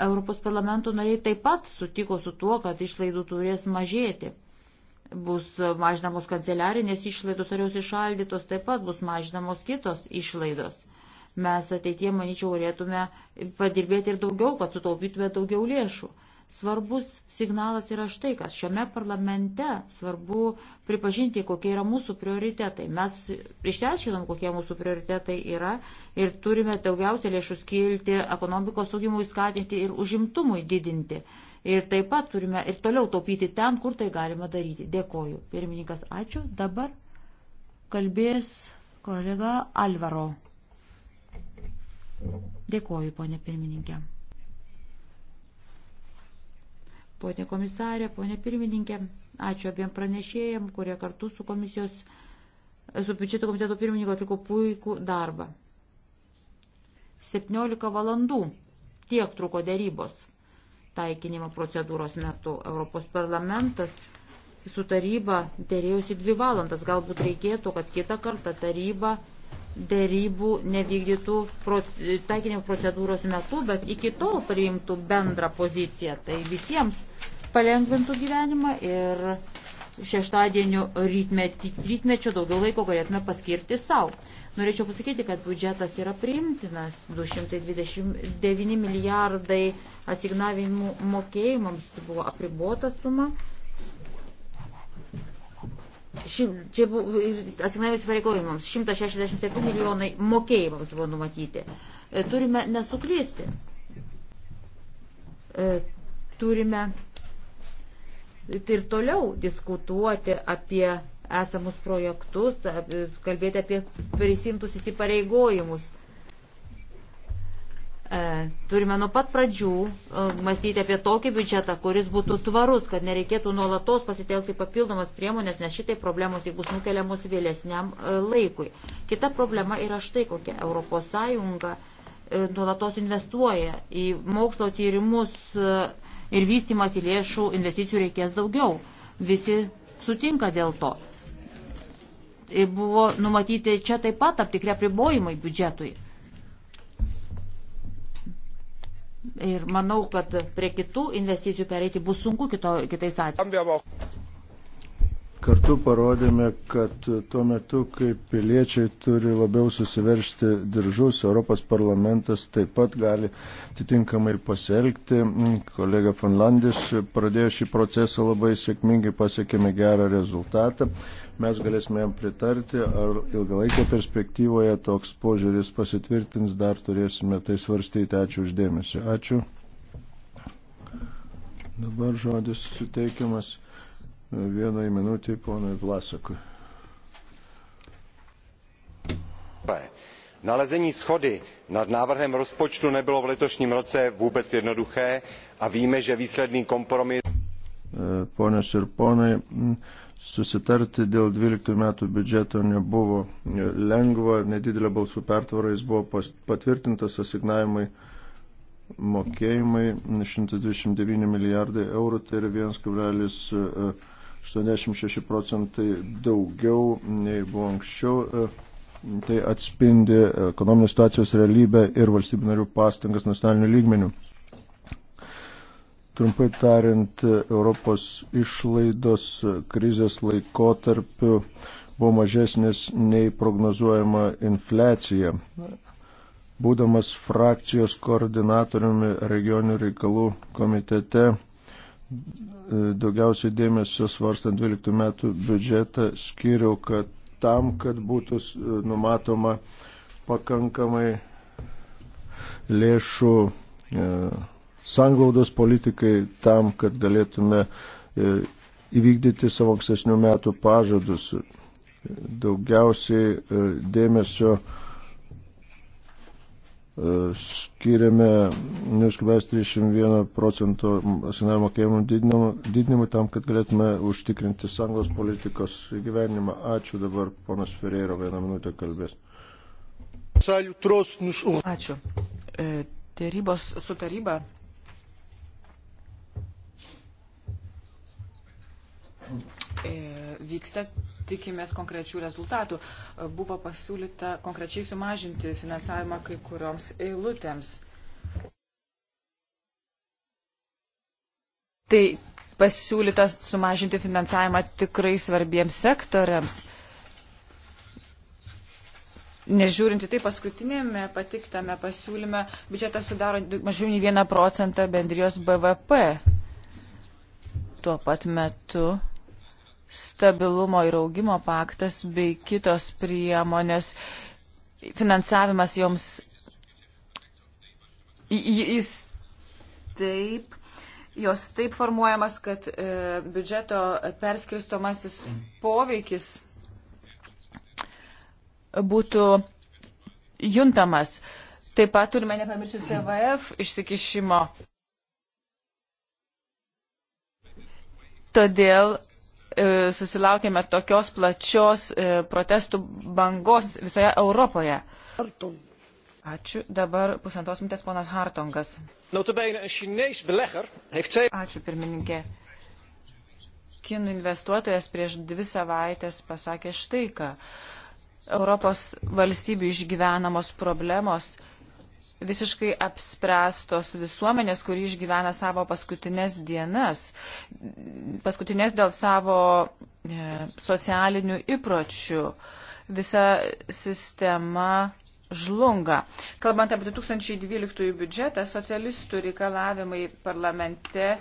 Europos parlamento nariai taip pat sutiko su tuo, kad išlaidų turės mažėti. Bus mažinamos kanceliarinės išlaidos ar jos išaldytos, taip pat bus mažinamos kitos išlaidos. Mes ateitie, manyčiau, galėtume padirbėti ir daugiau, kad sutaupytume daugiau lėšų. Svarbus signalas yra štai, kas šiame parlamente svarbu pripažinti, kokie yra mūsų prioritetai. Mes išsiaiškinom, kokie mūsų prioritetai yra ir turime daugiausia lėšų skilti ekonomikos augimui skatinti ir užimtumui didinti. Ir taip pat turime ir toliau taupyti ten, kur tai galima daryti. Dėkoju. Pirmininkas, ačiū. Dabar kalbės kolega Alvaro. Dėkoju, ponė pirmininkė. ponė komisarė, ponė pirmininkė. Ačiū abiem pranešėjim, kurie kartu su komisijos, su biudžeto komiteto pirmininku atliko puikų darbą. 17 valandų tiek truko dėrybos taikinimo procedūros metu. Europos parlamentas su taryba dėrėjusi dvi valandas. Galbūt reikėtų, kad kitą kartą taryba dėrybų nevykdytų taikinimo procedūros metu, bet iki tol priimtų bendrą poziciją. Tai visiems palengvintų gyvenimą ir šeštadienio rytmečio daugiau laiko galėtume paskirti savo. Norėčiau pasakyti, kad biudžetas yra priimtinas. 229 milijardai asignavimų mokėjimams buvo apribota suma. Šim, čia buvo asignavimus pareigojimams 167 milijonai mokėjimams buvo numatyti. E, turime nesuklysti. E, turime ir toliau diskutuoti apie esamus projektus, kalbėti apie prisimtus įsipareigojimus E, turime nuo pat pradžių e, mąstyti apie tokį biudžetą, kuris būtų tvarus, kad nereikėtų nuolatos pasitelkti papildomas priemonės, nes šitai problemos tik bus nukeliamos vėlesniam e, laikui. Kita problema yra štai kokia. ES nuolatos investuoja į mokslo tyrimus ir vystimas į lėšų investicijų reikės daugiau. Visi sutinka dėl to. Buvo numatyti čia taip pat aptikri apribojimai biudžetui Ir manau, kad prie kitų investicijų pereiti bus sunku kito, kitais atvejais.
Kartu parodėme, kad tuo metu, kai piliečiai turi labiau susiveršti diržus, Europos parlamentas taip pat gali atitinkamai pasielgti. Kolega Fanlandis pradėjo šį procesą labai sėkmingai, pasiekėme gerą rezultatą. Mes galėsime jam pritarti, ar ilgalaikio perspektyvoje toks požiūris pasitvirtins, dar turėsime tai svarstyti. Ačiū uždėmesi. Ačiū. Dabar žodis suteikiamas vienai minutį ponui Vlasakui.
Nalezení schody nad návrhem rozpočtu nebylo v letošním roce vůbec jednoduché a víme, že výsledný kompromis. E,
Ponas ir ponai, susitarti dėl 12 metų biudžeto nebuvo e, lengva, nedidelė balsų pertvara, jis buvo patvirtintas asignavimai mokėjimai 129 milijardai eurų, tai yra 1,5 86 procentai daugiau nei buvo anksčiau. E, tai atspindi e, ekonominės situacijos realybę ir valstybių narių pastangas nacionalinių lygmenių. Trumpai tariant, e, Europos išlaidos krizės laikotarpiu buvo mažesnės nei prognozuojama infliacija. Būdamas frakcijos koordinatoriumi regionių reikalų komitete, E, daugiausiai dėmesio svarstant 12 metų biudžetą skiriau, kad tam, kad būtų e, numatoma pakankamai lėšų e, sanglaudos politikai tam, kad galėtume įvykdyti savo ankstesnių metų pažadus. Daugiausiai dėmesio uh, skiriame 0,31 procento asinavimo mokėjimų didinimui tam, kad galėtume užtikrinti sąjungos politikos gyvenimą. Ačiū dabar, ponas Ferreira, vieną minutę kalbės. Ačiū. E, dėrybos su
taryba. E, vyksta tikimės konkrečių rezultatų. E, Buvo pasiūlyta konkrečiai sumažinti finansavimą kai kurioms eilutėms. Tai pasiūlyta sumažinti finansavimą tikrai svarbiems sektoriams. Nežiūrinti tai paskutinėme patiktame pasiūlyme, biudžetas sudaro mažiau nei 1 procentą bendrijos BVP. Tuo pat metu stabilumo ir augimo paktas bei kitos priemonės, finansavimas joms, jis taip, jos taip formuojamas, kad e, biudžeto perskristomasis poveikis būtų juntamas. Taip pat turime nepamiršti TVF išsikišimo. Todėl E, susilaukėme tokios plačios e, protestų bangos visoje Europoje. Ačiū. Dabar pusantos minutės ponas Hartongas. Ačiū pirmininkė. Kinų investuotojas prieš dvi savaitės pasakė štai ką. Europos valstybių išgyvenamos problemos visiškai apspręstos visuomenės, kuri išgyvena savo paskutinės dienas, paskutinės dėl savo e, socialinių įpročių. Visa sistema žlunga. Kalbant apie 2012 biudžetą, socialistų reikalavimai parlamente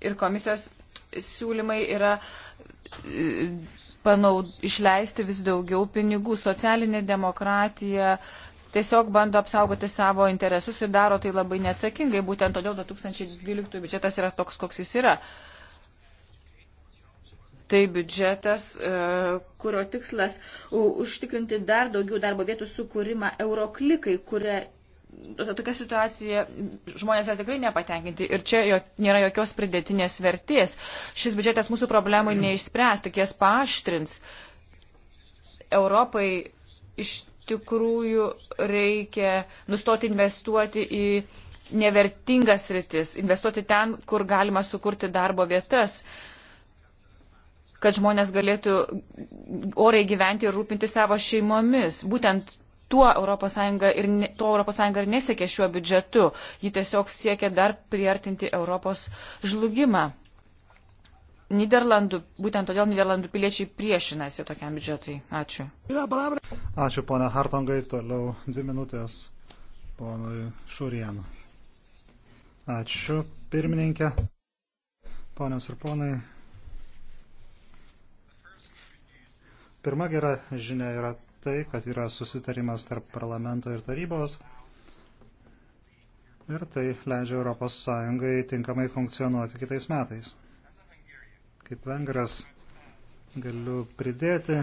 ir komisijos siūlymai yra e, panaud, išleisti vis daugiau pinigų. Socialinė demokratija uh, tiesiog bando apsaugoti savo interesus ir daro tai labai neatsakingai. Būtent todėl 2012 biudžetas yra toks, koks jis yra. Tai biudžetas, e, kurio tikslas užtikrinti dar daugiau darbo vietų sukūrimą euroklikai, kurie tokia situacija, žmonės yra tikrai nepatenkinti ir čia jo, nėra jokios pridėtinės vertės. Šis biudžetas mūsų problemų neišspręs, tik jas paaštrins. Europai iš tikrųjų reikia nustoti investuoti į nevertingas rytis, investuoti ten, kur galima sukurti darbo vietas, kad žmonės galėtų oriai gyventi ir rūpinti savo šeimomis. Būtent tuo ES ir, ne, to ES ir nesiekė šiuo biudžetu. Ji tiesiog siekia dar priartinti Europos žlugimą. Niderlandų, būtent todėl Niderlandų piliečiai priešinasi tokiam biudžetui. Ačiū.
Ačiū, ponia Hartongai. Toliau dvi minutės ponui Šurienu. Ačiū, pirmininkė. Ponios ir ponai. Pirma gera žinia yra tai, kad yra susitarimas tarp parlamento ir tarybos. Ir tai leidžia ES tinkamai funkcionuoti kitais metais kaip vengras galiu pridėti,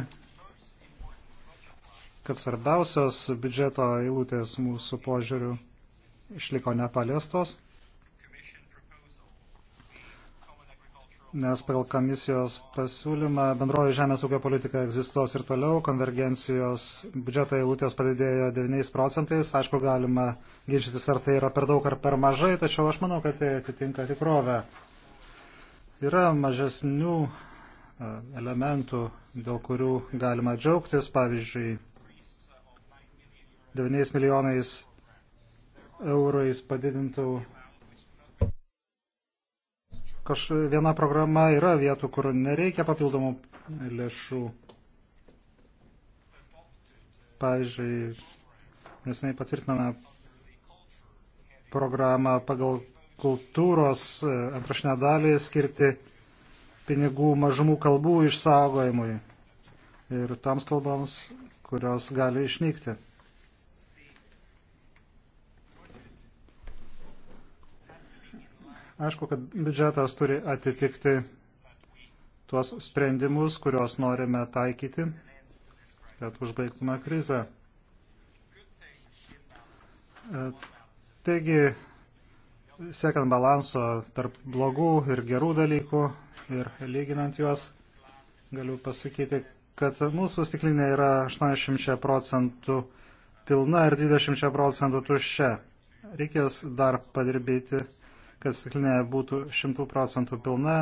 kad svarbiausios biudžeto eilutės mūsų požiūrių išliko nepaliestos, nes pagal komisijos pasiūlymą bendroji žemės ūkio politika egzistuos ir toliau, konvergencijos biudžeto eilutės padidėjo 9 procentais, aišku, galima ginčytis, ar tai yra per daug ar per mažai, tačiau aš manau, kad tai atitinka tikrovę. Yra mažesnių e, elementų, dėl kurių galima džiaugtis, pavyzdžiui, 9 milijonais eurais padidintų. Kaž viena programa yra vietų, kur nereikia papildomų lėšų. Pavyzdžiui, nesnai patvirtiname programą, pagal kultūros e, antrašinę dalį skirti pinigų mažumų kalbų išsaugojimui ir toms kalboms, kurios gali išnykti. Aišku, kad biudžetas turi atitikti tuos sprendimus, kuriuos norime taikyti, kad užbaigtume krizę. E, taigi, siekiant balanso tarp blogų ir gerų dalykų ir lyginant juos, galiu pasakyti, kad mūsų stiklinė yra 80 procentų pilna ir 20 procentų tuščia. Reikės dar padirbėti, kad stiklinė būtų 100 procentų pilna,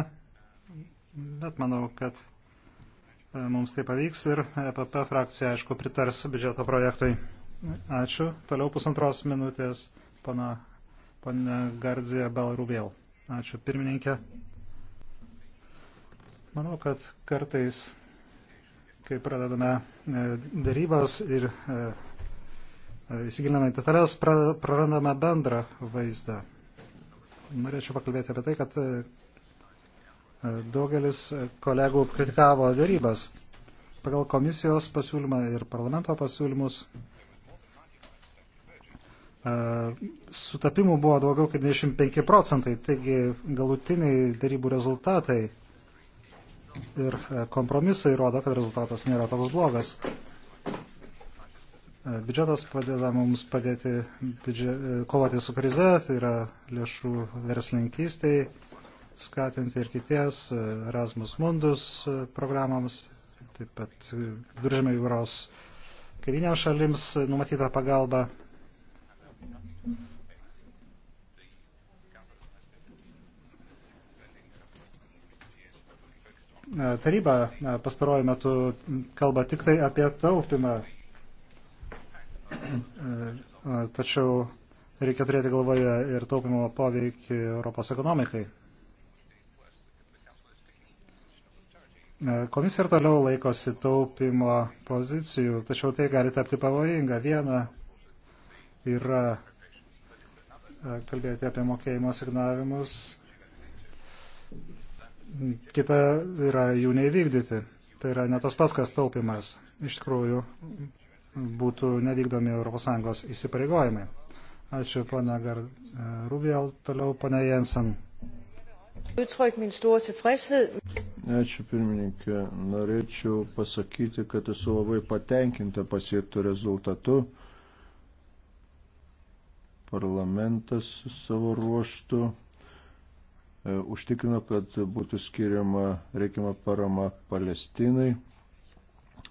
bet manau, kad e, mums tai pavyks ir EPP frakcija, aišku, pritars biudžeto projektui. Ačiū. Toliau pusantros minutės, pana Pane Gardzija Balrubėl. Ačiū pirmininkė. Manau, kad kartais, kai pradedame e, darybas ir e, e, įsigiliname į detalės, prarandame bendrą vaizdą. Norėčiau pakalbėti apie tai, kad daugelis kolegų kritikavo darybas. Pagal komisijos pasiūlymą ir parlamento pasiūlymus E, sutapimų buvo daugiau kaip 25 procentai, taigi galutiniai darybų rezultatai ir e, kompromisai rodo, kad rezultatas nėra toks blogas. E, biudžetas padeda mums padėti biudžet, kovoti su krize, tai yra lėšų verslininkystiai, skatinti ir kities Erasmus Mundus programams, taip pat viduržėmio jūros kaiminėms šalims numatyta pagalba. Taryba pastaruoju metu kalba tik tai apie taupimą, e, e, tačiau reikia turėti galvoje ir taupimo poveikį Europos ekonomikai. E, komisija ir toliau laikosi taupimo pozicijų, tačiau tai gali tapti pavojinga. Viena yra kalbėti apie mokėjimo signavimus. Kita yra jų neįvykdyti. Tai yra ne tas pats, kas taupimas. Iš tikrųjų, būtų nevykdomi ES įsipareigojimai. Ačiū, pana e, Rubėl,
toliau pana Jensen. Ačiū pirmininkė. Norėčiau pasakyti, kad esu labai patenkinta pasiektų rezultatu. Parlamentas savo ruoštų e, užtikrino, kad būtų skiriama reikiama parama Palestinai.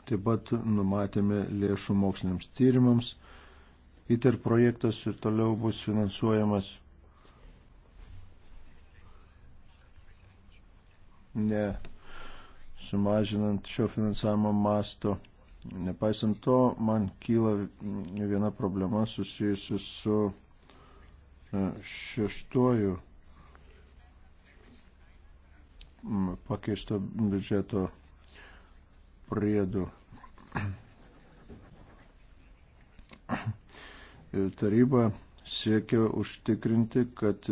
Taip pat numatėme lėšų moksliniams tyrimams. ITER projektas ir toliau bus finansuojamas ne sumažinant šio finansavimo masto. Nepaisant to, man kyla viena problema susijusi su šeštuoju pakeisto biudžeto priedų taryba siekia užtikrinti, kad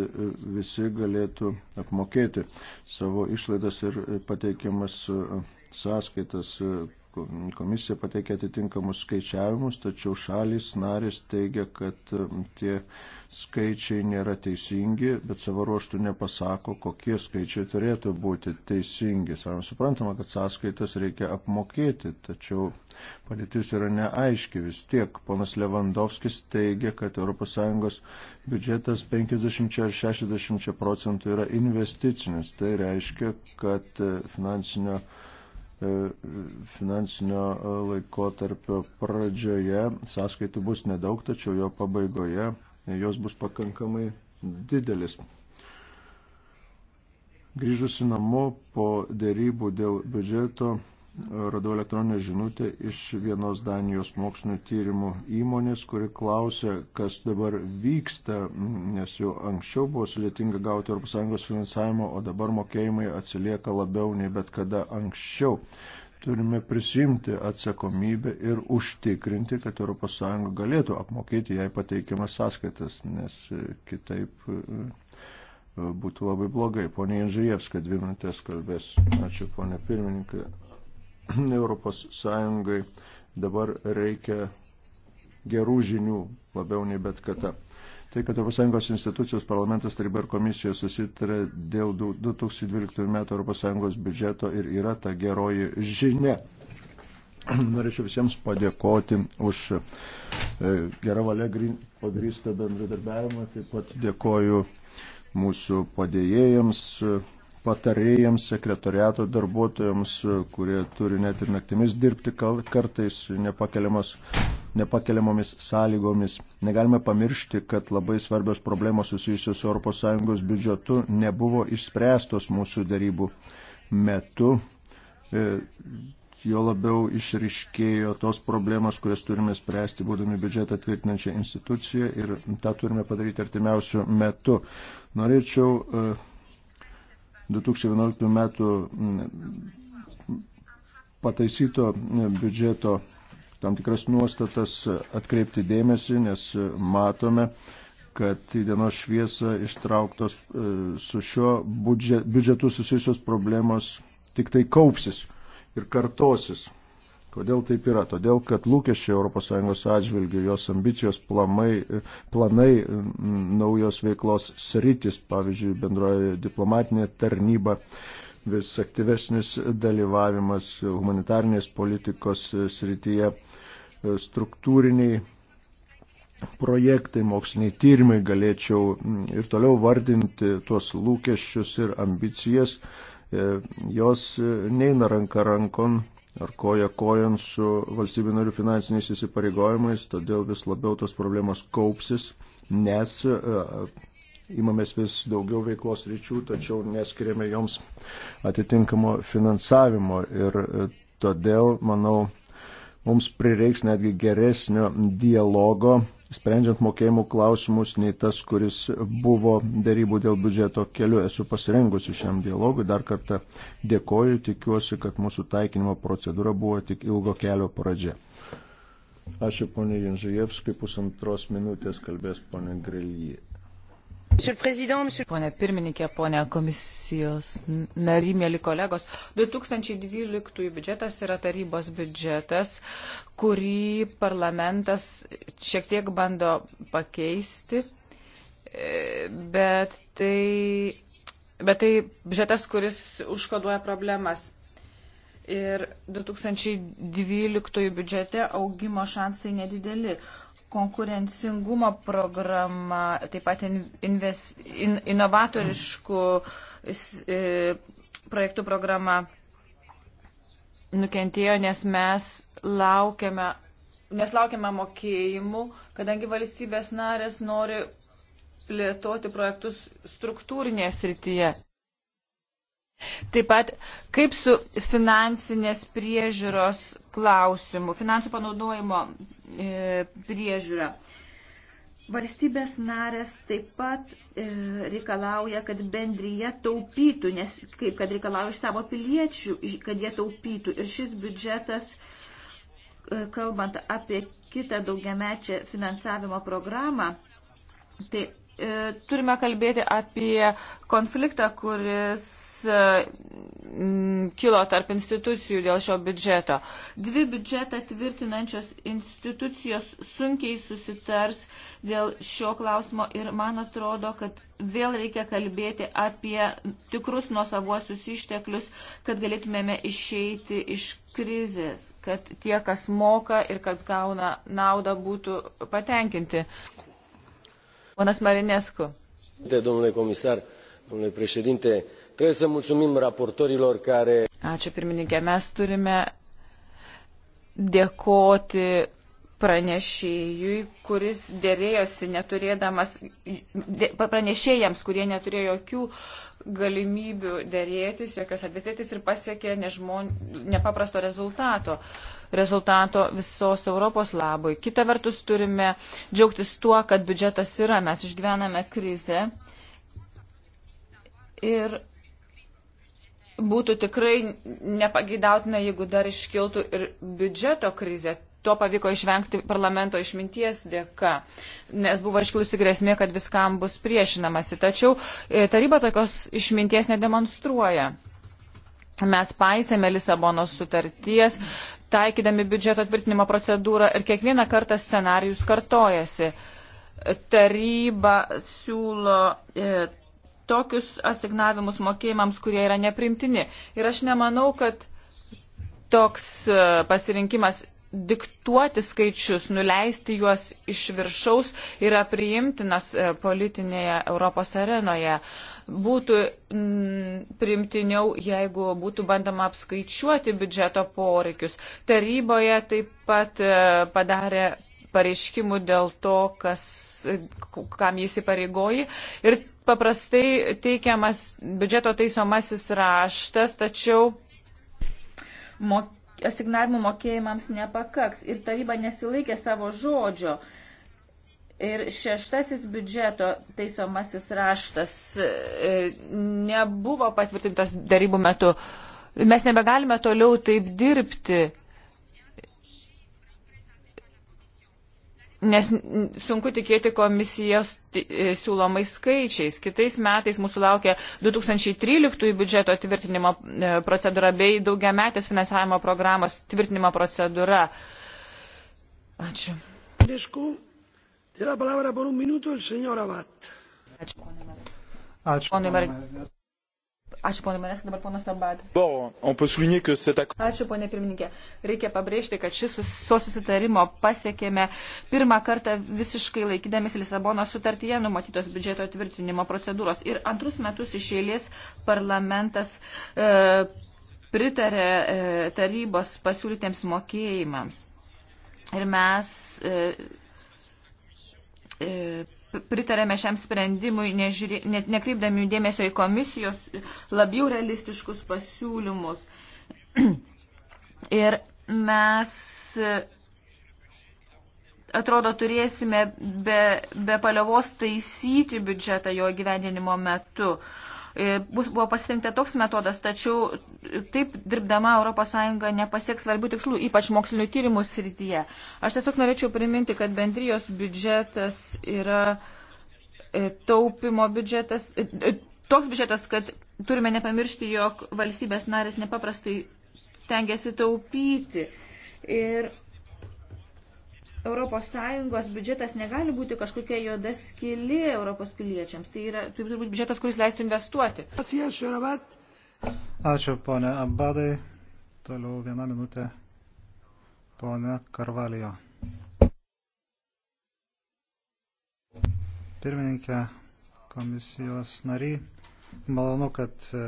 visi galėtų apmokėti savo išlaidas ir pateikiamas sąskaitas. Komisija pateikė atitinkamus skaičiavimus, tačiau šalis narės teigia, kad tie skaičiai nėra teisingi, bet savo ruoštų nepasako, kokie skaičiai turėtų būti teisingi. Savame suprantama, kad sąskaitas reikia apmokėti, tačiau padėtis yra neaiški vis tiek. Ponas Levandovskis teigia, kad ES biudžetas 50 ar 60 procentų yra investicinis. Tai reiškia, kad e, finansinio E, finansinio laikotarpio pradžioje sąskaitų bus nedaug, tačiau jo pabaigoje jos bus pakankamai didelis. Grįžusi namo po dėrybų dėl biudžeto radau elektroninę žinutę iš vienos Danijos mokslinio tyrimų įmonės, kuri klausė, kas dabar vyksta, nes jau anksčiau buvo sudėtinga gauti ES finansavimo, o dabar mokėjimai atsilieka labiau nei bet kada anksčiau. Turime prisimti atsakomybę ir užtikrinti, kad ES galėtų apmokėti jai pateikiamas sąskaitas, nes kitaip e, būtų labai blogai. Pone Janžijevska, dvi minutės kalbės. Ačiū, ponė pirmininkė. (clears throat) Europos Sąjungai dabar reikia gerų žinių labiau nei bet kada. Tai, kad Europos Sąjungos institucijos parlamentas taryba ir komisija susitarė dėl 2012 metų Europos Sąjungos biudžeto ir yra ta geroji žinia. (clears throat) Norėčiau visiems padėkoti už e, gerą valią pagrįstą bendradarbiavimą, taip pat dėkoju mūsų padėjėjams, patarėjams, sekretoriato darbuotojams, kurie turi net ir naktimis dirbti kartais nepakeliamomis sąlygomis. Negalime pamiršti, kad labai svarbios problemos susijusios su ES biudžetu nebuvo išspręstos mūsų darybų metu. E, jo labiau išriškėjo tos problemos, kurias turime spręsti, būdami biudžetą tvirtinančią instituciją ir tą turime padaryti artimiausių metų. Norėčiau uh, 2011 metų mm, pataisyto biudžeto tam tikras nuostatas atkreipti dėmesį, nes matome, kad į dienos šviesą ištrauktos e, su šiuo biudžetu susijusios problemos tik tai kaupsis ir kartosis. Kodėl taip yra? Todėl, kad lūkesčiai ES atžvilgių, jos ambicijos, plamai, planai, naujos veiklos sritis, pavyzdžiui, bendroji diplomatinė tarnyba, vis aktyvesnis dalyvavimas humanitarnės politikos srityje, struktūriniai projektai, moksliniai tyrimai galėčiau ir toliau vardinti tuos lūkesčius ir ambicijas. E, jos neina ranka rankon ar koja kojant su valstybių narių finansiniais įsipareigojimais, todėl vis labiau tos problemos kaupsis, nes e, imamės vis daugiau veiklos ryčių, tačiau neskiriame joms atitinkamo finansavimo ir e, todėl, manau, mums prireiks netgi geresnio dialogo sprendžiant mokėjimų klausimus, nei tas, kuris buvo darybų dėl biudžeto keliu. Esu pasirengusi šiam dialogui, dar kartą dėkoju, tikiuosi, kad mūsų taikinimo procedūra buvo tik ilgo kelio pradžia. Ačiū ponė Janžujevskai, pusantros minutės kalbės ponė Grelyje.
Pone pirmininkė, pone komisijos nary, mėly kolegos, 2012 biudžetas yra tarybos biudžetas, kurį parlamentas šiek tiek bando pakeisti, e, bet tai, bet tai biudžetas, kuris užkoduoja problemas. Ir 2012 biudžete augimo šansai nedideli konkurencingumo programa, taip pat invest, in, inovatoriškų e, projektų programa nukentėjo, nes mes laukiame, nes laukiame mokėjimų, kadangi valstybės narės nori plėtoti projektus struktūrinėje srityje. Taip pat, kaip su finansinės priežiūros klausimu, finansų panaudojimo e, priežiūra. Valstybės narės taip pat e, reikalauja, kad bendryje taupytų, nes kaip kad reikalauja iš savo piliečių, kad jie taupytų. Ir šis biudžetas, e, kalbant apie kitą daugiamečią finansavimo programą, tai e, turime kalbėti apie konfliktą, kuris E, kilo tarp institucijų dėl šio biudžeto. Dvi biudžetą tvirtinančios institucijos sunkiai susitars dėl šio klausimo ir man atrodo, kad vėl reikia kalbėti apie tikrus nuosavuosius išteklius, kad galėtumėme išeiti iš krizės, kad tie, kas moka ir kas gauna naudą, būtų patenkinti. Ponas Marinesku.
De, domnule comisar, domnule președinte, uh, Trebuie să mulțumim raportorilor care. Ačiū
pirmininkė, mes turime dėkoti pranešėjui, kuris dėrėjosi neturėdamas, pranešėjams, kurie neturėjo jokių galimybių dėrėtis, jokios advestėtis ir pasiekė nežmon, nepaprasto rezultato, rezultato visos Europos labui. Kita vertus turime džiaugtis tuo, kad biudžetas yra, mes išgyvename krizę ir būtų tikrai nepageidautina, jeigu dar iškiltų ir biudžeto krizė. To pavyko išvengti parlamento išminties dėka, nes buvo iškilusi grėsmė, kad viskam bus priešinamasi. Tačiau e, taryba tokios išminties nedemonstruoja. Mes paisėme Lisabonos sutarties, taikydami biudžeto atvirtinimo procedūrą ir kiekvieną kartą scenarijus kartojasi. Taryba siūlo e, tokius asignavimus mokėjimams, kurie yra neprimtini. Ir aš nemanau, kad toks e, pasirinkimas diktuoti skaičius, nuleisti juos iš viršaus yra priimtinas e, politinėje Europos arenoje. Būtų mm, priimtiniau, jeigu būtų bandoma apskaičiuoti biudžeto poreikius. Taryboje taip pat e, padarė pareiškimų dėl to, kas, kam jis įpareigoji. Ir paprastai teikiamas biudžeto taisomasis raštas, tačiau mok asignavimų mokėjimams nepakaks ir taryba nesilaikė savo žodžio. Ir šeštasis biudžeto taisomasis raštas e, nebuvo patvirtintas darybų metu. Mes nebegalime toliau taip dirbti. nes sunku tikėti komisijos e, siūlomais skaičiais. Kitais metais mūsų laukia 2013 biudžeto tvirtinimo e, procedūra bei daugiametės finansavimo programos tvirtinimo procedūra. Ačiū.
Ačiū.
Ačiū. Ačiū.
Ačiū, ponė Maneska, dabar ponas Abad. Ačiū, ponė pirmininkė. Reikia pabrėžti, kad šis susitarimo pasiekėme pirmą kartą visiškai laikydamės Lisabono sutartyje numatytos biudžeto tvirtinimo procedūros. Ir antrus metus iš eilės parlamentas e, pritarė e, tarybos pasiūlytiems mokėjimams. Ir mes. E, e, pritarėme šiam sprendimui, nežiūrė, net nekreipdami dėmesio į komisijos labiau realistiškus pasiūlymus. (clears throat) Ir mes, atrodo, turėsime be, be paliovos taisyti biudžetą jo gyvendinimo metu. Uh, E, buvo pasirinkta toks metodas, tačiau taip dirbdama ES nepasieks svarbių tikslų, ypač mokslinio tyrimų srityje. Aš tiesiog norėčiau priminti, kad bendrijos biudžetas yra e, taupimo biudžetas, e, toks biudžetas, kad turime nepamiršti, jog valstybės narės nepaprastai stengiasi taupyti. Ir ES biudžetas negali būti kažkokia juoda skili Europos piliečiams. Tai yra, tai turi būti biudžetas, kuris leistų investuoti.
Ačiū, ponė Abadai. Toliau vieną minutę, ponė Karvalijo. Pirmininkė, komisijos nariai, malonu, kad e,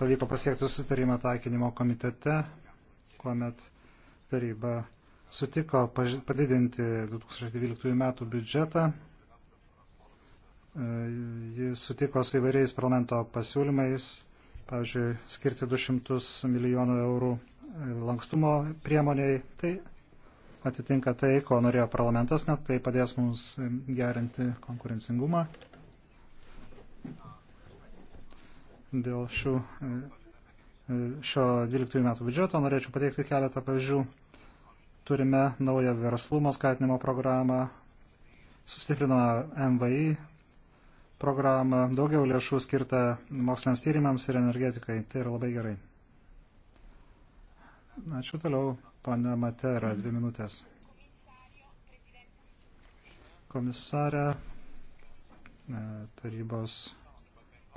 pavyko pasiekti sutarimą taikinimo komitete, kuomet taryba sutiko padidinti 2012 metų biudžetą. E, Jis sutiko su įvairiais parlamento pasiūlymais, pavyzdžiui, skirti 200 milijonų eurų e, lankstumo priemoniai. Tai atitinka tai, ko norėjo parlamentas, net tai padės mums gerinti konkurencingumą. Dėl šių, e, šio 12 metų biudžeto norėčiau pateikti keletą pavyzdžių turime naują verslumo skatinimo programą, sustiprinome MVI programą, daugiau lėšų skirta moksliniams tyrimams ir energetikai. Tai yra labai gerai. Ačiū toliau, pane Matera, dvi minutės. Komisarė, e, tarybos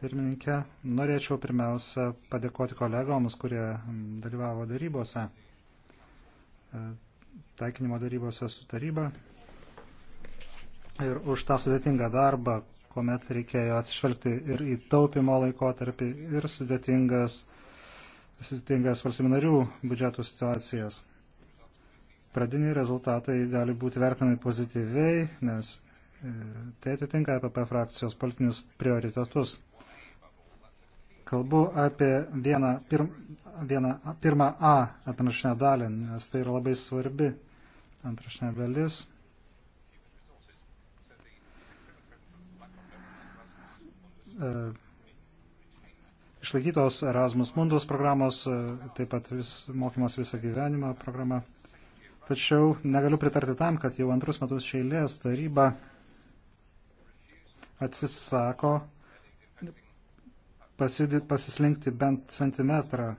pirmininkė, norėčiau pirmiausia padėkoti kolegoms, kurie dalyvavo darybose e, taikinimo darybose su taryba ir už tą sudėtingą darbą, kuomet reikėjo atsižvelgti ir į taupimo laikotarpį, ir sudėtingas, sudėtingas valstybinarių biudžetų situacijas. Pradiniai rezultatai gali būti vertinami pozityviai, nes e, tai atitinka EPP frakcijos politinius prioritetus. Kalbu apie vieną, pir, vieną, pirmą A atrašinę dalį, nes tai yra labai svarbi antrašinė dalis. E, išlaikytos Erasmus Mundus programos, e, taip pat vis, mokymas visą gyvenimą programa. Tačiau negaliu pritarti tam, kad jau antrus metus šeilės taryba atsisako pasidė, pasislinkti bent centimetrą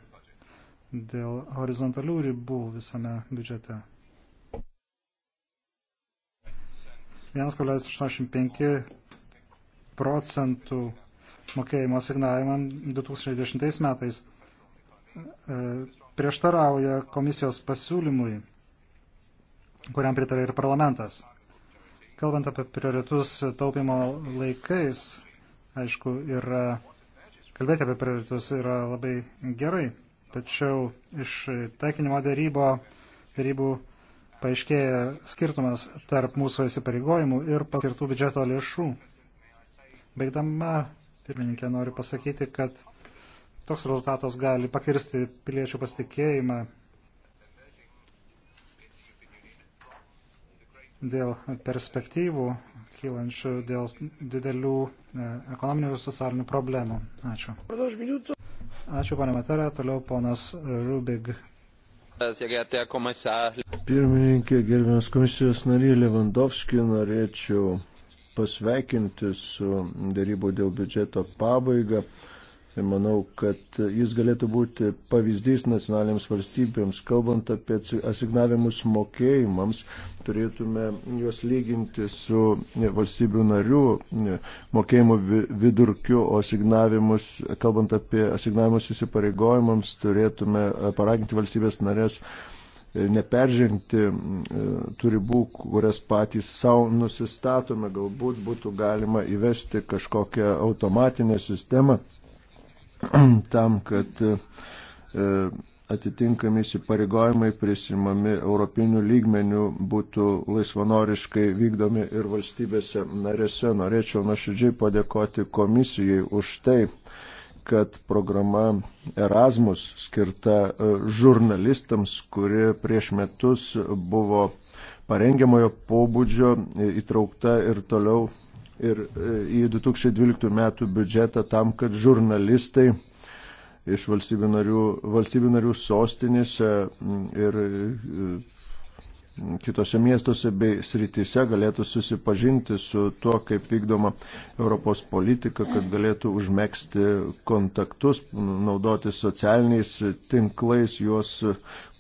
dėl horizontalių ribų visame biudžete. 1,85 procentų mokėjimo signavimam 2010 metais e, prieštarauja komisijos pasiūlymui, kuriam pritarė ir parlamentas. Kalbant apie prioritus taupimo laikais, aišku, yra Kalbėti apie prioritus yra labai gerai, tačiau iš taikinimo dėrybo, dėrybų paaiškėja skirtumas tarp mūsų įsipareigojimų ir pakirtų biudžeto lėšų. Baigdama, pirmininkė, noriu pasakyti, kad toks rezultatas gali pakirsti piliečių pasitikėjimą dėl perspektyvų kylančių dėl didelių e, ekonominių ir socialinių problemų. Ačiū.
Ačiū,
ponė Materė. Toliau ponas Rubig.
Pirmininkė, gerbiamas komisijos narė Levandovskį, norėčiau pasveikinti su darybų dėl biudžeto pabaiga. Manau, kad jis galėtų būti pavyzdys nacionaliniams valstybėms. Kalbant apie asignavimus mokėjimams, turėtume juos lyginti su valstybių narių mokėjimo vidurkiu, o asignavimus, kalbant apie asignavimus įsipareigojimams, turėtume e, paraginti valstybės narės e, neperžengti e, tų ribų, kurias patys savo nusistatome, galbūt būtų galima įvesti kažkokią automatinę sistemą (clears throat) tam, kad e, e, atitinkami įsipareigojimai prisimami europinių lygmenių būtų laisvanoriškai vykdomi ir valstybėse narėse. Norėčiau nuoširdžiai padėkoti komisijai už tai, kad programa Erasmus skirta e, žurnalistams, kuri prieš metus buvo parengiamojo pobūdžio įtraukta ir toliau ir e, į 2012 metų biudžetą tam, kad žurnalistai iš valstybių narių, valstybių narių sostinėse ir e, kitose miestuose bei srityse galėtų susipažinti su tuo, kaip vykdoma Europos politika, kad galėtų užmėgsti kontaktus, naudoti socialiniais tinklais, juos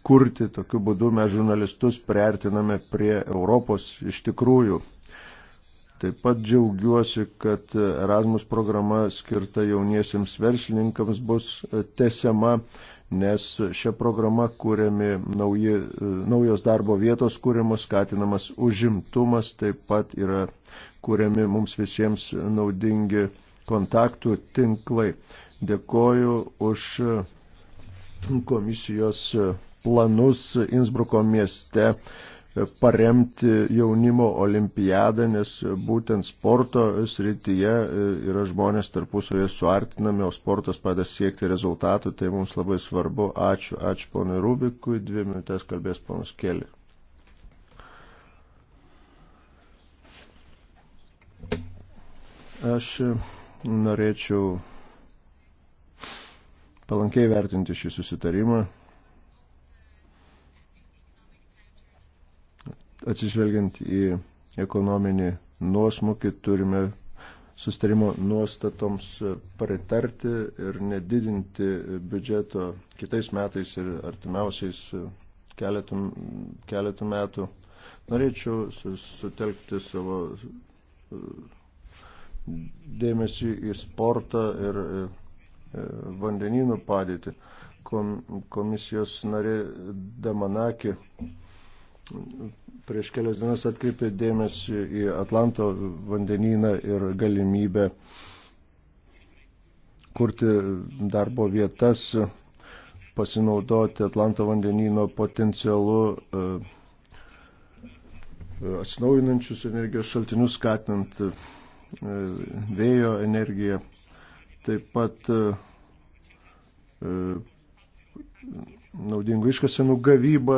kurti. Tokiu būdu mes žurnalistus priartiname prie Europos iš tikrųjų. Taip pat džiaugiuosi, kad Erasmus programa skirta jauniesiems verslininkams bus tesiama, nes šią programą kūrėmi nauji, naujos darbo vietos kūrimas, skatinamas užimtumas, taip pat yra kūrėmi mums visiems naudingi kontaktų tinklai. Dėkoju už komisijos planus Innsbruko mieste paremti jaunimo olimpiadą, nes būtent sporto srityje e, yra žmonės tarpusavėje suartinami, o sportas padeda siekti rezultatų, tai mums labai svarbu. Ačiū, ačiū ponui Rubikui, dvi minutės kalbės ponas Keli. Aš e, norėčiau palankiai vertinti šį susitarimą. atsižvelgiant į ekonominį nuosmukį, turime sustarimo nuostatoms pritarti ir nedidinti biudžeto kitais metais ir artimiausiais keletų, keletų metų. Norėčiau sutelkti savo e, dėmesį į sportą ir e, vandenynų padėtį. Komisijos narė Damanaki prieš kelias dienas atkreipė dėmesį į Atlanto vandenyną ir galimybę kurti darbo vietas, pasinaudoti Atlanto vandenyno potencialu e, atsinaujinančius energijos šaltinius, skatinant e, vėjo energiją. Taip pat e, naudingų iškasenų nu, gavybą,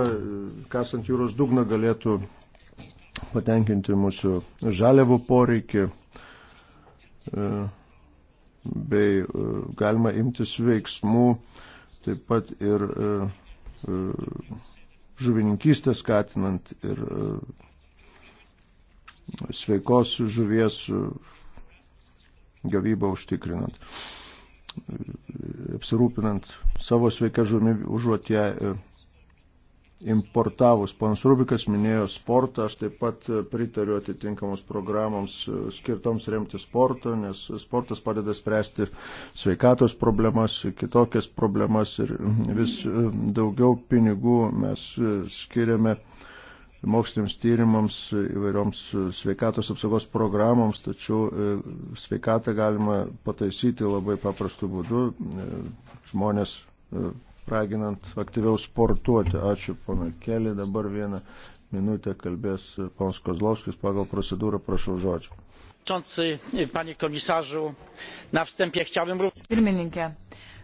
kasant jūros dugną galėtų patenkinti mūsų žaliavų poreikį e, bei e, galima imtis veiksmų taip pat ir e, žuvininkystę skatinant ir sveikos žuvies gavybą užtikrinant apsirūpinant savo sveiką žuvimi, užuot ją e, importavus. Ponas Rubikas minėjo sportą, aš taip pat e, pritariu atitinkamos programoms e, skirtoms remti sportą, nes sportas padeda spręsti sveikatos problemas, kitokias problemas ir vis daugiau pinigų mes skiriame moksliniams tyrimams, įvairioms e, sveikatos apsaugos programoms, tačiau e, sveikatą galima pataisyti labai paprastu būdu, e, žmonės raginant aktyviau sportuoti. Ačiū, pana Kelė, dabar vieną minutę kalbės ponas Kozlovskis pagal procedūrą, prašau žodžių.
Panie komisarzu,
na wstępie chciałbym... Pirmininkė,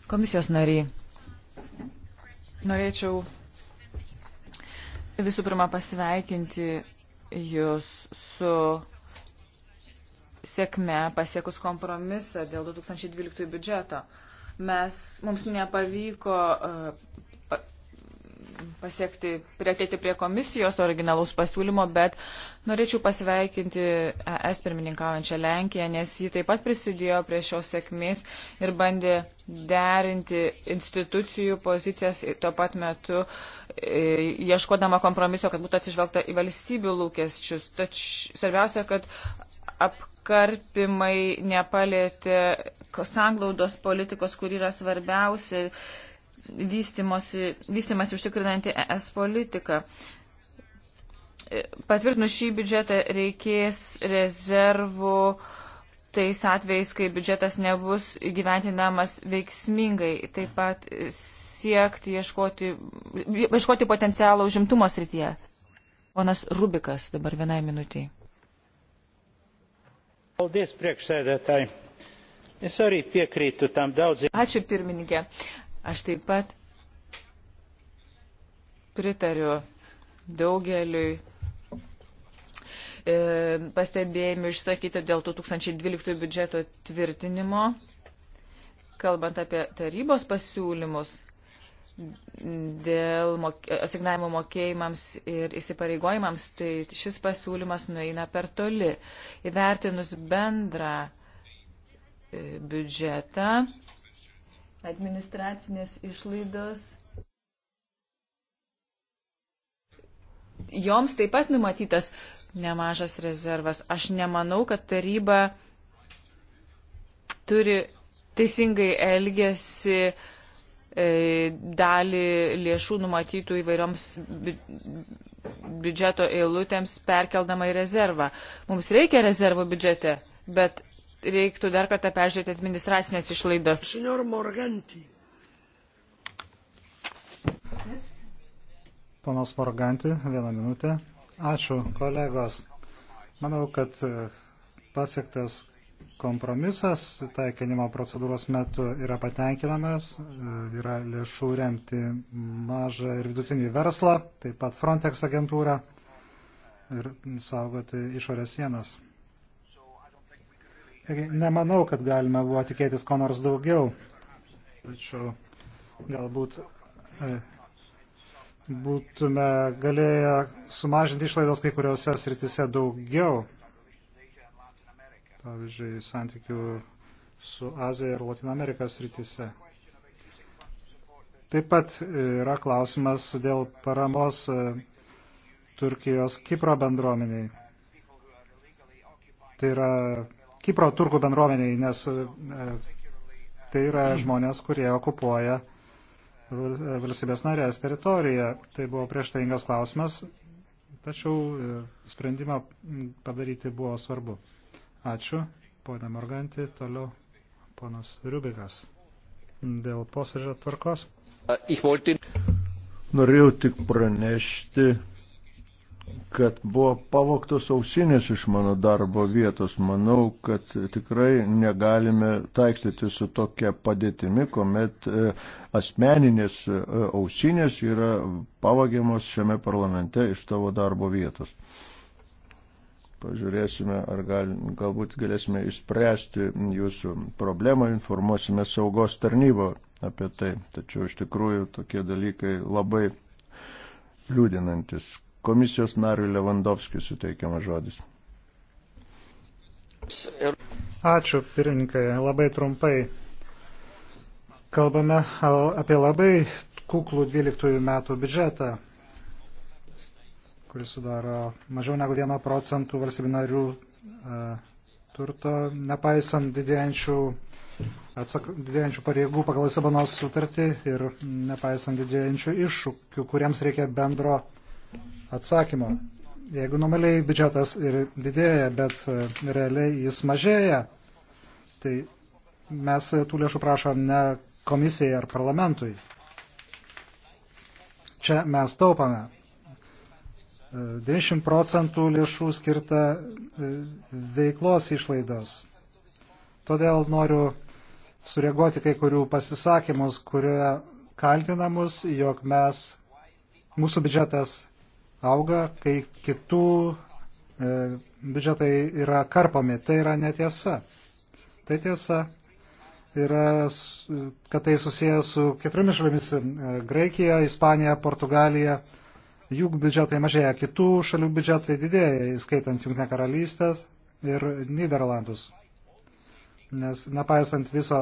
komisijos nariai, norėčiau visų pirma pasveikinti Jūs su sėkme pasiekus kompromisą dėl 2012 biudžeto. Mes, mums nepavyko uh, pasiekti, priekėti prie komisijos originalaus pasiūlymo, bet norėčiau pasveikinti ES pirmininkaujančią Lenkiją, nes ji taip pat prisidėjo prie šios sėkmės ir bandė derinti institucijų pozicijas tuo pat metu, e, ieškodama kompromiso, kad būtų atsižvelgta į valstybių lūkesčius. Tačiau svarbiausia, kad apkarpimai nepalėtė sanglaudos politikos, kur yra svarbiausi vystimas užtikrinanti ES politiką. Patvirtinus šį biudžetą reikės rezervų tais atvejais, kai biudžetas nebus gyventinamas veiksmingai. Taip pat siekti, ieškoti, ieškoti potencialą užimtumo srityje. Ponas Rubikas dabar vienai minutiai.
Paldies, priekšsėdėtai. Es arī piekrītu tam daudziem. Ačiū pirmininkė. Aš taip pat
pritariu daugeliui e, pastebėjimų išsakyti dėl 2012 biudžeto tvirtinimo, kalbant apie tarybos pasiūlymus dėl asignavimo mokėjimams ir įsipareigojimams, tai šis pasiūlymas nueina per toli. Įvertinus bendrą e, biudžetą, administracinės išlaidos. Joms taip pat numatytas nemažas rezervas. Aš nemanau, kad taryba turi teisingai elgesi e, dalį lėšų numatytų įvairioms bi biudžeto eilutėms perkeldama į rezervą. Mums reikia rezervo biudžete, bet reiktų dar kartą peržiūrėti administracinės išlaidas.
Panas Morganti, vieną minutę. Ačiū, kolegos. Manau, kad e, pasiektas kompromisas taikinimo procedūros metu yra patenkinamas, e, yra lėšų remti mažą ir vidutinį verslą, taip pat Frontex agentūrą ir saugoti išorės sienas. Taigi nemanau, kad galima buvo tikėtis ko nors daugiau. Tačiau galbūt e, būtume galėję sumažinti išlaidas kai kuriuose sritise daugiau. Pavyzdžiui, santykių su Azija ir Latino Amerika sritise. Taip pat yra klausimas dėl paramos e, Turkijos Kipro bendruomeniai. Tai yra Kipro turkų bendruomeniai, nes e, tai yra žmonės, kurie okupuoja valstybės narės teritoriją. Tai buvo prieštaringas klausimas, tačiau e, sprendimą padaryti buvo svarbu. Ačiū, ponia Morganti, toliau ponas Rubikas. Dėl posėdžio tvarkos.
Norėjau tik pranešti kad buvo pavoktos ausinės iš mano darbo vietos. Manau, kad tikrai negalime taikstyti su tokia padėtimi, kuomet e, asmeninės e, ausinės yra pavagiamos šiame parlamente iš tavo darbo vietos. Pažiūrėsime, ar gal, galbūt galėsime išspręsti jūsų problemą, informuosime saugos tarnybą apie tai. Tačiau iš tikrųjų tokie dalykai labai liūdinantis, Komisijos nariui Levandovskiui suteikiamas žodis.
Ačiū, pirmininkai. Labai trumpai. Kalbame apie labai kuklų 12 metų biudžetą, kuris sudaro mažiau negu 1 procentų valstybinarių turto, nepaisant didėjančių, atsak, didėjančių pareigų pagal Lisabonos sutartį ir nepaisant didėjančių iššūkių, kuriems reikia bendro atsakymo. Jeigu normaliai biudžetas ir didėja, bet e, realiai jis mažėja, tai mes tų lėšų prašom ne komisijai ar parlamentui. Čia mes taupame. 90 e, procentų lėšų skirta e, veiklos išlaidos. Todėl noriu sureaguoti kai kurių pasisakymus, kurie kaltinamus, jog mes, mūsų biudžetas auga, kai kitų e, biudžetai yra karpomi. Tai yra netiesa. Tai tiesa yra, kad tai susijęs su keturiomis šalimis e, - Graikija, Ispanija, Portugalija. Jų biudžetai mažėja, kitų šalių biudžetai didėja, įskaitant Junktinę karalystę ir Niderlandus. Nes nepaisant viso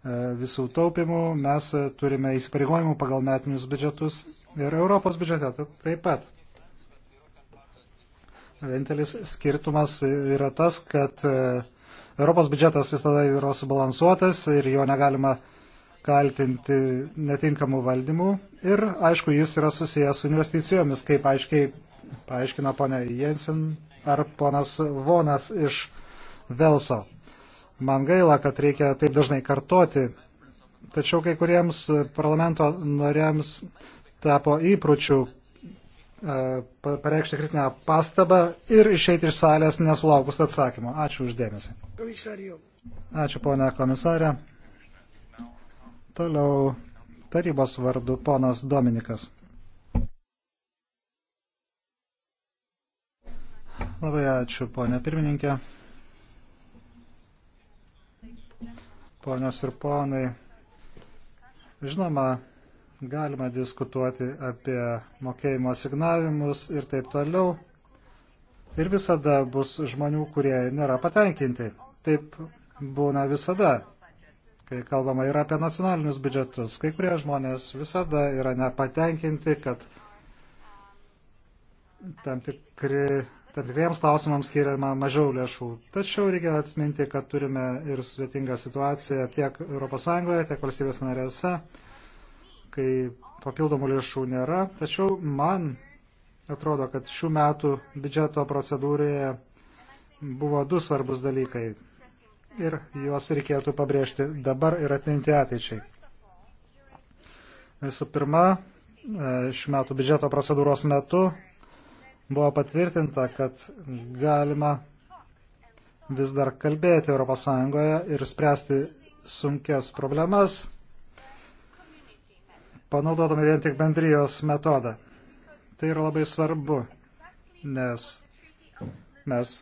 E, visų taupimų, mes e, turime įsipareigojimų pagal metinius biudžetus ir Europos biudžete taip pat. Vienintelis skirtumas yra tas, kad e, Europos biudžetas visada yra subalansuotas ir jo negalima kaltinti netinkamų valdymų. Ir, aišku, jis yra susijęs su investicijomis, kaip aiškiai paaiškino ponia Jensen ar ponas Vonas iš Velso. Man gaila, kad reikia taip dažnai kartoti, tačiau kai kuriems parlamento nariams tapo įpročių e, pareikšti kritinę pastabą ir išeiti iš salės nesulaukus atsakymo. Ačiū uždėmesi. Ačiū ponia komisarė. Toliau tarybos vardu ponas Dominikas. Labai ačiū ponia pirmininkė. ponios ir ponai. Žinoma, galima diskutuoti apie mokėjimo signavimus ir taip toliau. Ir visada bus žmonių, kurie nėra patenkinti. Taip būna visada, kai kalbama ir apie nacionalinius biudžetus. Kai kurie žmonės visada yra nepatenkinti, kad tam tikri Tad dviems klausimams skiriama mažiau lėšų. Tačiau reikia atsminti, kad turime ir sudėtingą situaciją tiek ES, tiek valstybės narėse, kai papildomų lėšų nėra. Tačiau man atrodo, kad šių metų biudžeto procedūroje buvo du svarbus dalykai ir juos reikėtų pabrėžti dabar ir atminti ateičiai. Visų pirma, e, šių metų biudžeto procedūros metu buvo patvirtinta, kad galima vis dar kalbėti ES ir spręsti sunkias problemas, panaudodami vien tik bendrijos metodą. Tai yra labai svarbu, nes mes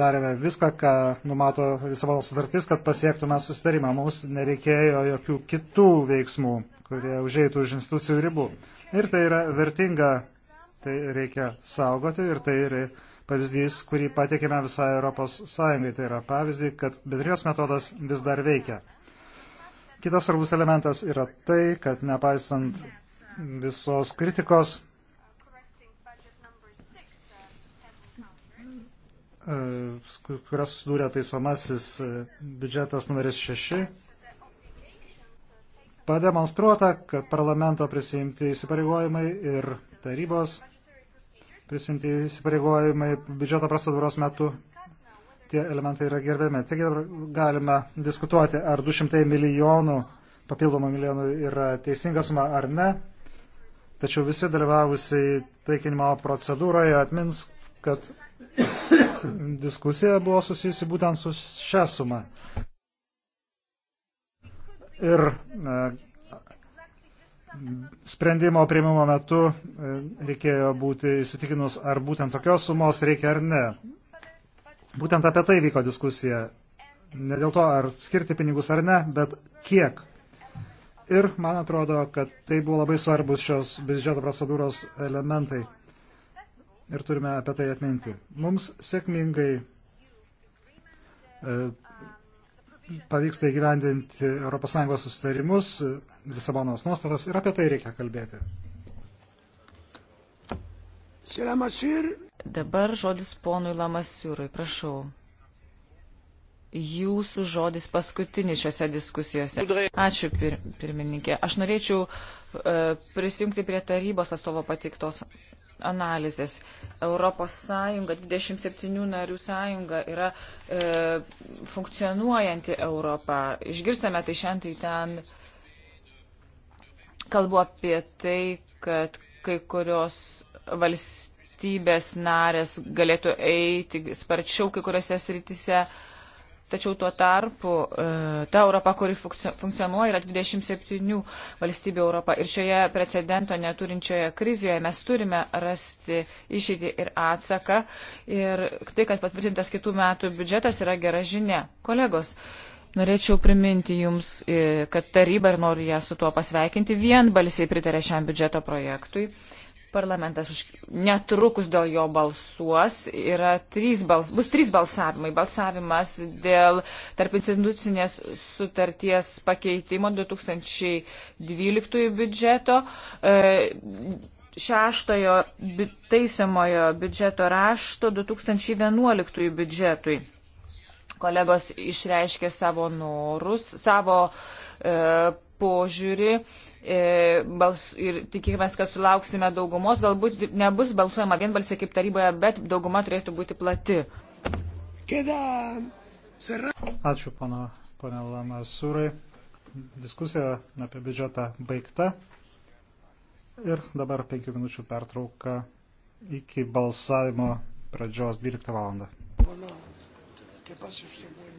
darėme viską, ką numato Lisabono sutartis, kad pasiektume susitarimą. Mums nereikėjo jokių kitų veiksmų, kurie užeitų už institucijų ribų. Ir tai yra vertinga Tai reikia saugoti ir tai yra pavyzdys, kurį patikėme visai Europos Sąjungai. Tai yra pavyzdį, kad bendrijos metodas vis dar veikia. Kitas svarbus elementas yra tai, kad nepaisant visos kritikos, e, kurias susidūrė taisomasis e, biudžetas numeris 6, pademonstruota, kad parlamento prisimti įsipareigojimai ir tarybos prisimti įsipareigojimai biudžeto procedūros metu tie elementai yra gerbiami. Taigi dabar galime diskutuoti, ar 200 milijonų, papildomų milijonų yra teisinga suma ar ne. Tačiau visi dalyvavusiai taikinimo procedūroje atmins, kad (coughs) diskusija buvo susijusi būtent su šią sumą ir e, sprendimo prieimimo metu e, reikėjo būti įsitikinus, ar būtent tokios sumos reikia ar ne. Būtent apie tai vyko diskusija. Ne dėl to, ar skirti pinigus ar ne, bet kiek. Ir man atrodo, kad tai buvo labai svarbus šios biudžeto procedūros elementai. Ir turime apie tai atminti. Mums sėkmingai e, pavyksta įgyvendinti ES susitarimus, Lisabonos nuostatas ir apie tai reikia kalbėti.
Dabar žodis ponui Lamasiūrui, prašau. Jūsų žodis paskutinis šiuose diskusijose. Ačiū, pir pirmininkė. Aš norėčiau e, prisijungti prie tarybos atstovo pateiktos analizės. Europos Sąjunga, 27 narių sąjunga yra e, funkcionuojanti Europa. Išgirstame tai šiandien tai ten kalbu apie tai, kad kai kurios valstybės narės galėtų eiti sparčiau kai kuriuose srityse. E, Tačiau tuo tarpu e, ta Europa, kuri funkcionuoja, yra 27 valstybių Europa. Ir šioje precedento neturinčioje krizėje mes turime rasti išeitį ir atsaką. Ir tai, kad patvirtintas kitų metų biudžetas yra gera žinia. Kolegos, norėčiau priminti Jums, e, kad taryba ir noriu ją su tuo pasveikinti, vienbalsiai pritarė šiam biudžeto projektui. Parlamentas už, netrukus dėl jo balsuos. Trys bals, bus trys balsavimai. Balsavimas dėl tarp institucinės sutarties pakeitimo 2012 biudžeto. E, Šeštojo bi, taisomojo biudžeto rašto 2011 biudžetui. Kolegos išreiškė savo norus, savo e, požiūrį e, bals, ir tikimės, kad sulauksime daugumos. Galbūt nebus balsuojama vienbalsiai kaip taryboje, bet dauguma turėtų būti plati.
Ačiū, pana, pana Lamasūrai. Diskusija apie biudžetą baigta. Ir dabar penkių minučių pertrauka iki balsavimo pradžios 12 val
qué pasa usted muy